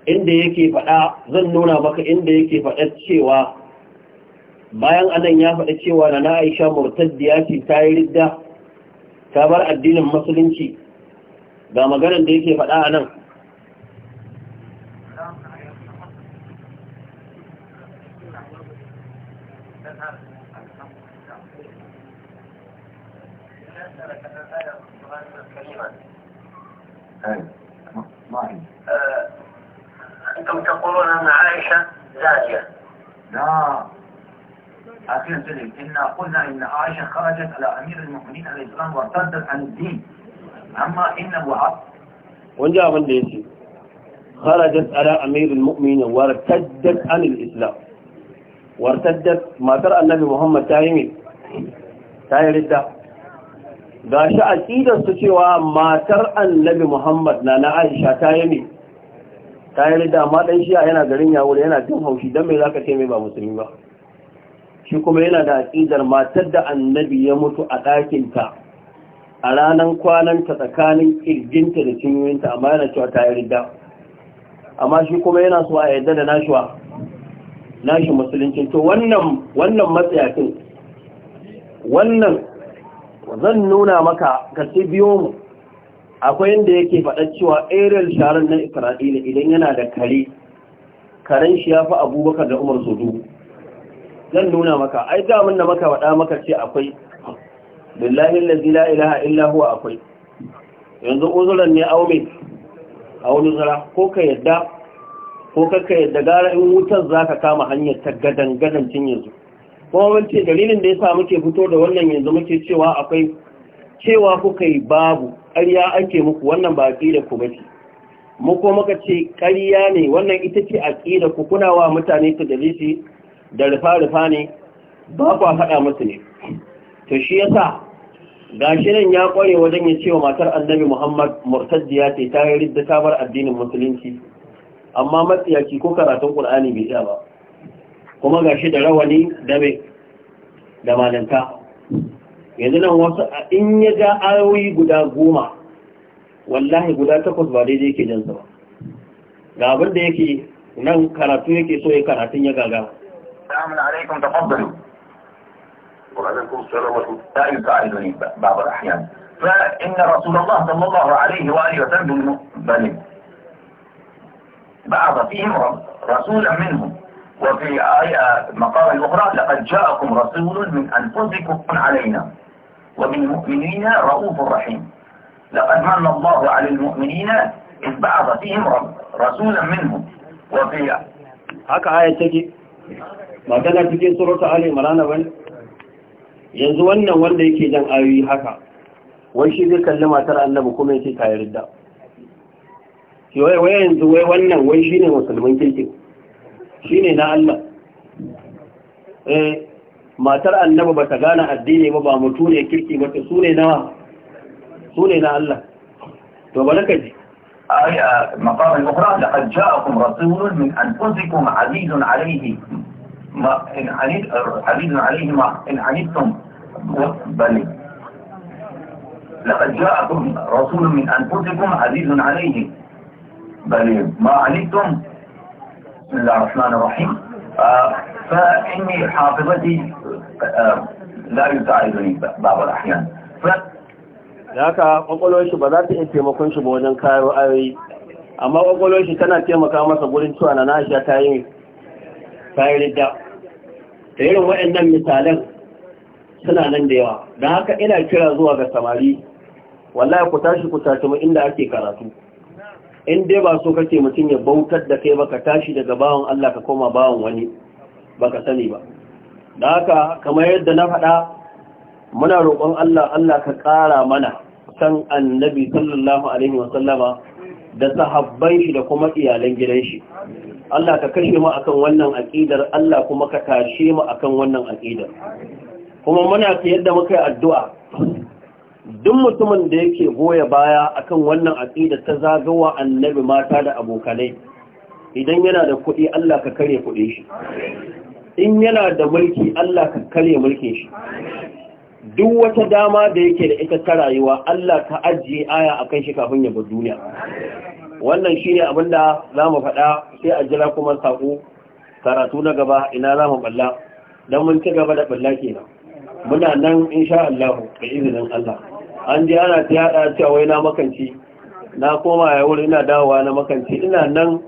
inda yake faɗa zan nuna maka inda yake faɗa cewa bayan anan ya faɗi cewa na Aisha murtaddiya ce ta yi ridda ta bar addinin musulunci ga maganar da yake faɗa anan أنتم تقولون أن عائشة زاجية لا أكيد سلم إنا قلنا إن عائشة خرجت على أمير المؤمنين عليه السلام وارتدت عن الدين أما إنه عبد وانجا من ليسي خرجت على أمير المؤمنين وارتدت عن الإسلام وارتدت ما ترى النبي محمد تايمين تايمين ga shi aƙidar su cewa matar annabi Muhammad na na Aisha ta yi ne ta yi rida ma ɗan shiya yana garin yawon yana jin haushi don mai za ka ce mai ba musulmi ba shi kuma yana da aƙidar matar da annabi ya mutu a ɗakinta a ranar kwananta tsakanin ƙirginta da cinyoyinta amma yana cewa ta yi rida amma shi kuma yana so a yadda da nashuwa nashi musulunci to wannan wannan matsayakin wannan zan nuna maka ka ce biyo mu akwai inda yake faɗa cewa ariel sharon na isra'ila idan yana da kare karen shi ya fi abubakar da umar su zan nuna maka ai ga mun da maka wada maka ce akwai billahi allazi la ilaha illa huwa akwai yanzu uzuran ne aume a wani zara ko ka yadda ko ka yadda gara in wutar zaka kama hanyar ta gadan gadan cin yanzu kuma mun ce dalilin da yasa muke fito da wannan yanzu muke cewa akwai cewa kuka yi babu ƙarya ake muku wannan ba da ku ce. mu ko ce ƙarya ne wannan ita ce a ku kuna wa mutane ta dalili da rufa-rufa ne ba kuwa faɗa musu ne to shi ya yasa gashi nan ya ƙware wajen ya cewa matar annabi muhammad murtajiya ce ta yi ridda ta addinin musulunci amma matsiyaci ko karatun ƙul'ani bai iya ba kuma gashi da rawani da mai da malanta yanzu nan wasu a in ya ga ayoyi guda goma wallahi guda takwas ba daidai yake jansa ba ga abin da yake nan karatu yake so ya karatun ya gagara السلام عليكم تفضلوا وعليكم السلام ورحمة لا يساعدني بعض الأحيان فإن رسول الله صلى الله عليه وآله وسلم بل بعض فيهم رسولا منهم وفي آية مقام أخرى لقد جاءكم رسول من أنفسكم علينا ومن المؤمنين رؤوف رحيم لقد من الله على المؤمنين إذ بعث فيهم رسولا منهم وفي هكا آية تجي ba tana cikin surata ali marana bane yanzu wannan wanda yake jan ayoyi haka wai shi zai kalli matar annabi kuma yake ta yarda wai yanzu wai wannan wai ne musulmin kirkin ne na Allah eh matar annabi ta gane addini ba ba mutu ne kirki ba su ne na su ne na Allah to baraka ji آية مقام الأخرى لقد جاءكم رسول من أنفسكم عزيز عليه ما إن عنيد عزيز عليه ما إن عنيدتم بل لقد جاءكم رسول من أنفسكم عزيز عليه بل ما عنيدتم بسم الله الرحمن الرحيم آه، فإني حافظتي آه، لا يساعدني بعض الأحيان ف... da haka kwakwalwar shi ba za ta iya taimakon shi ba wajen kayo ayoyi amma kwakwalwar shi tana taimaka masa gurin cewa na ta yi kayan ridda da irin waɗannan misalan suna nan da yawa don haka ina kira zuwa ga samari wallahi ku tashi ku tashi inda ake karatu in dai ba so kake mutum ya bautar da kai baka tashi daga bawan Allah ka koma bawan wani baka sani ba da haka kamar yadda na faɗa muna roƙon Allah Allah ka ƙara mana san annabi sallallahu alaihi wasallama da sahabbai shi da kuma iyalan gidan shi Allah ka kashe mu akan wannan aqidar Allah kuma ka tashe mu akan wannan aqidar kuma muna ta yadda muka yi addu'a duk mutumin da yake goya baya akan wannan aqida ta zagawa annabi mata da abokanai idan yana da kuɗi Allah ka kare kuɗin shi in yana da mulki Allah ka kare mulkin shi duk wata dama da yake da ita ta rayuwa Allah ka ajiye aya akan shi kafin ya bar duniya wannan shi ne abinda za mu faɗa sai a jira kuma saƙo karatu na gaba ina za mu ɓalla don mun ci gaba da ɓalla kenan muna nan insha Allah da izinin Allah an ji ana ta yada cewa wai na makanci na koma ya wuri ina dawowa na makanci ina nan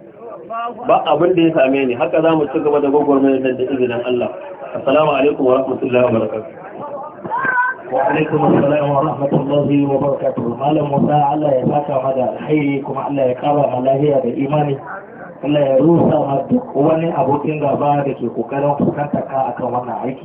ba abin da ya same ni haka za mu ci gaba da gwagwarmayar da izinin Allah assalamu alaikum wa rahmatullahi wa barakatuh وعليكم السلام ورحمة الله وبركاته قال موسى على يباكى مدى الحيري على يقرى يقرأ ملاهية بالإيمان الله يروسى rusa واني duk wani abokin gaba da ke kokarin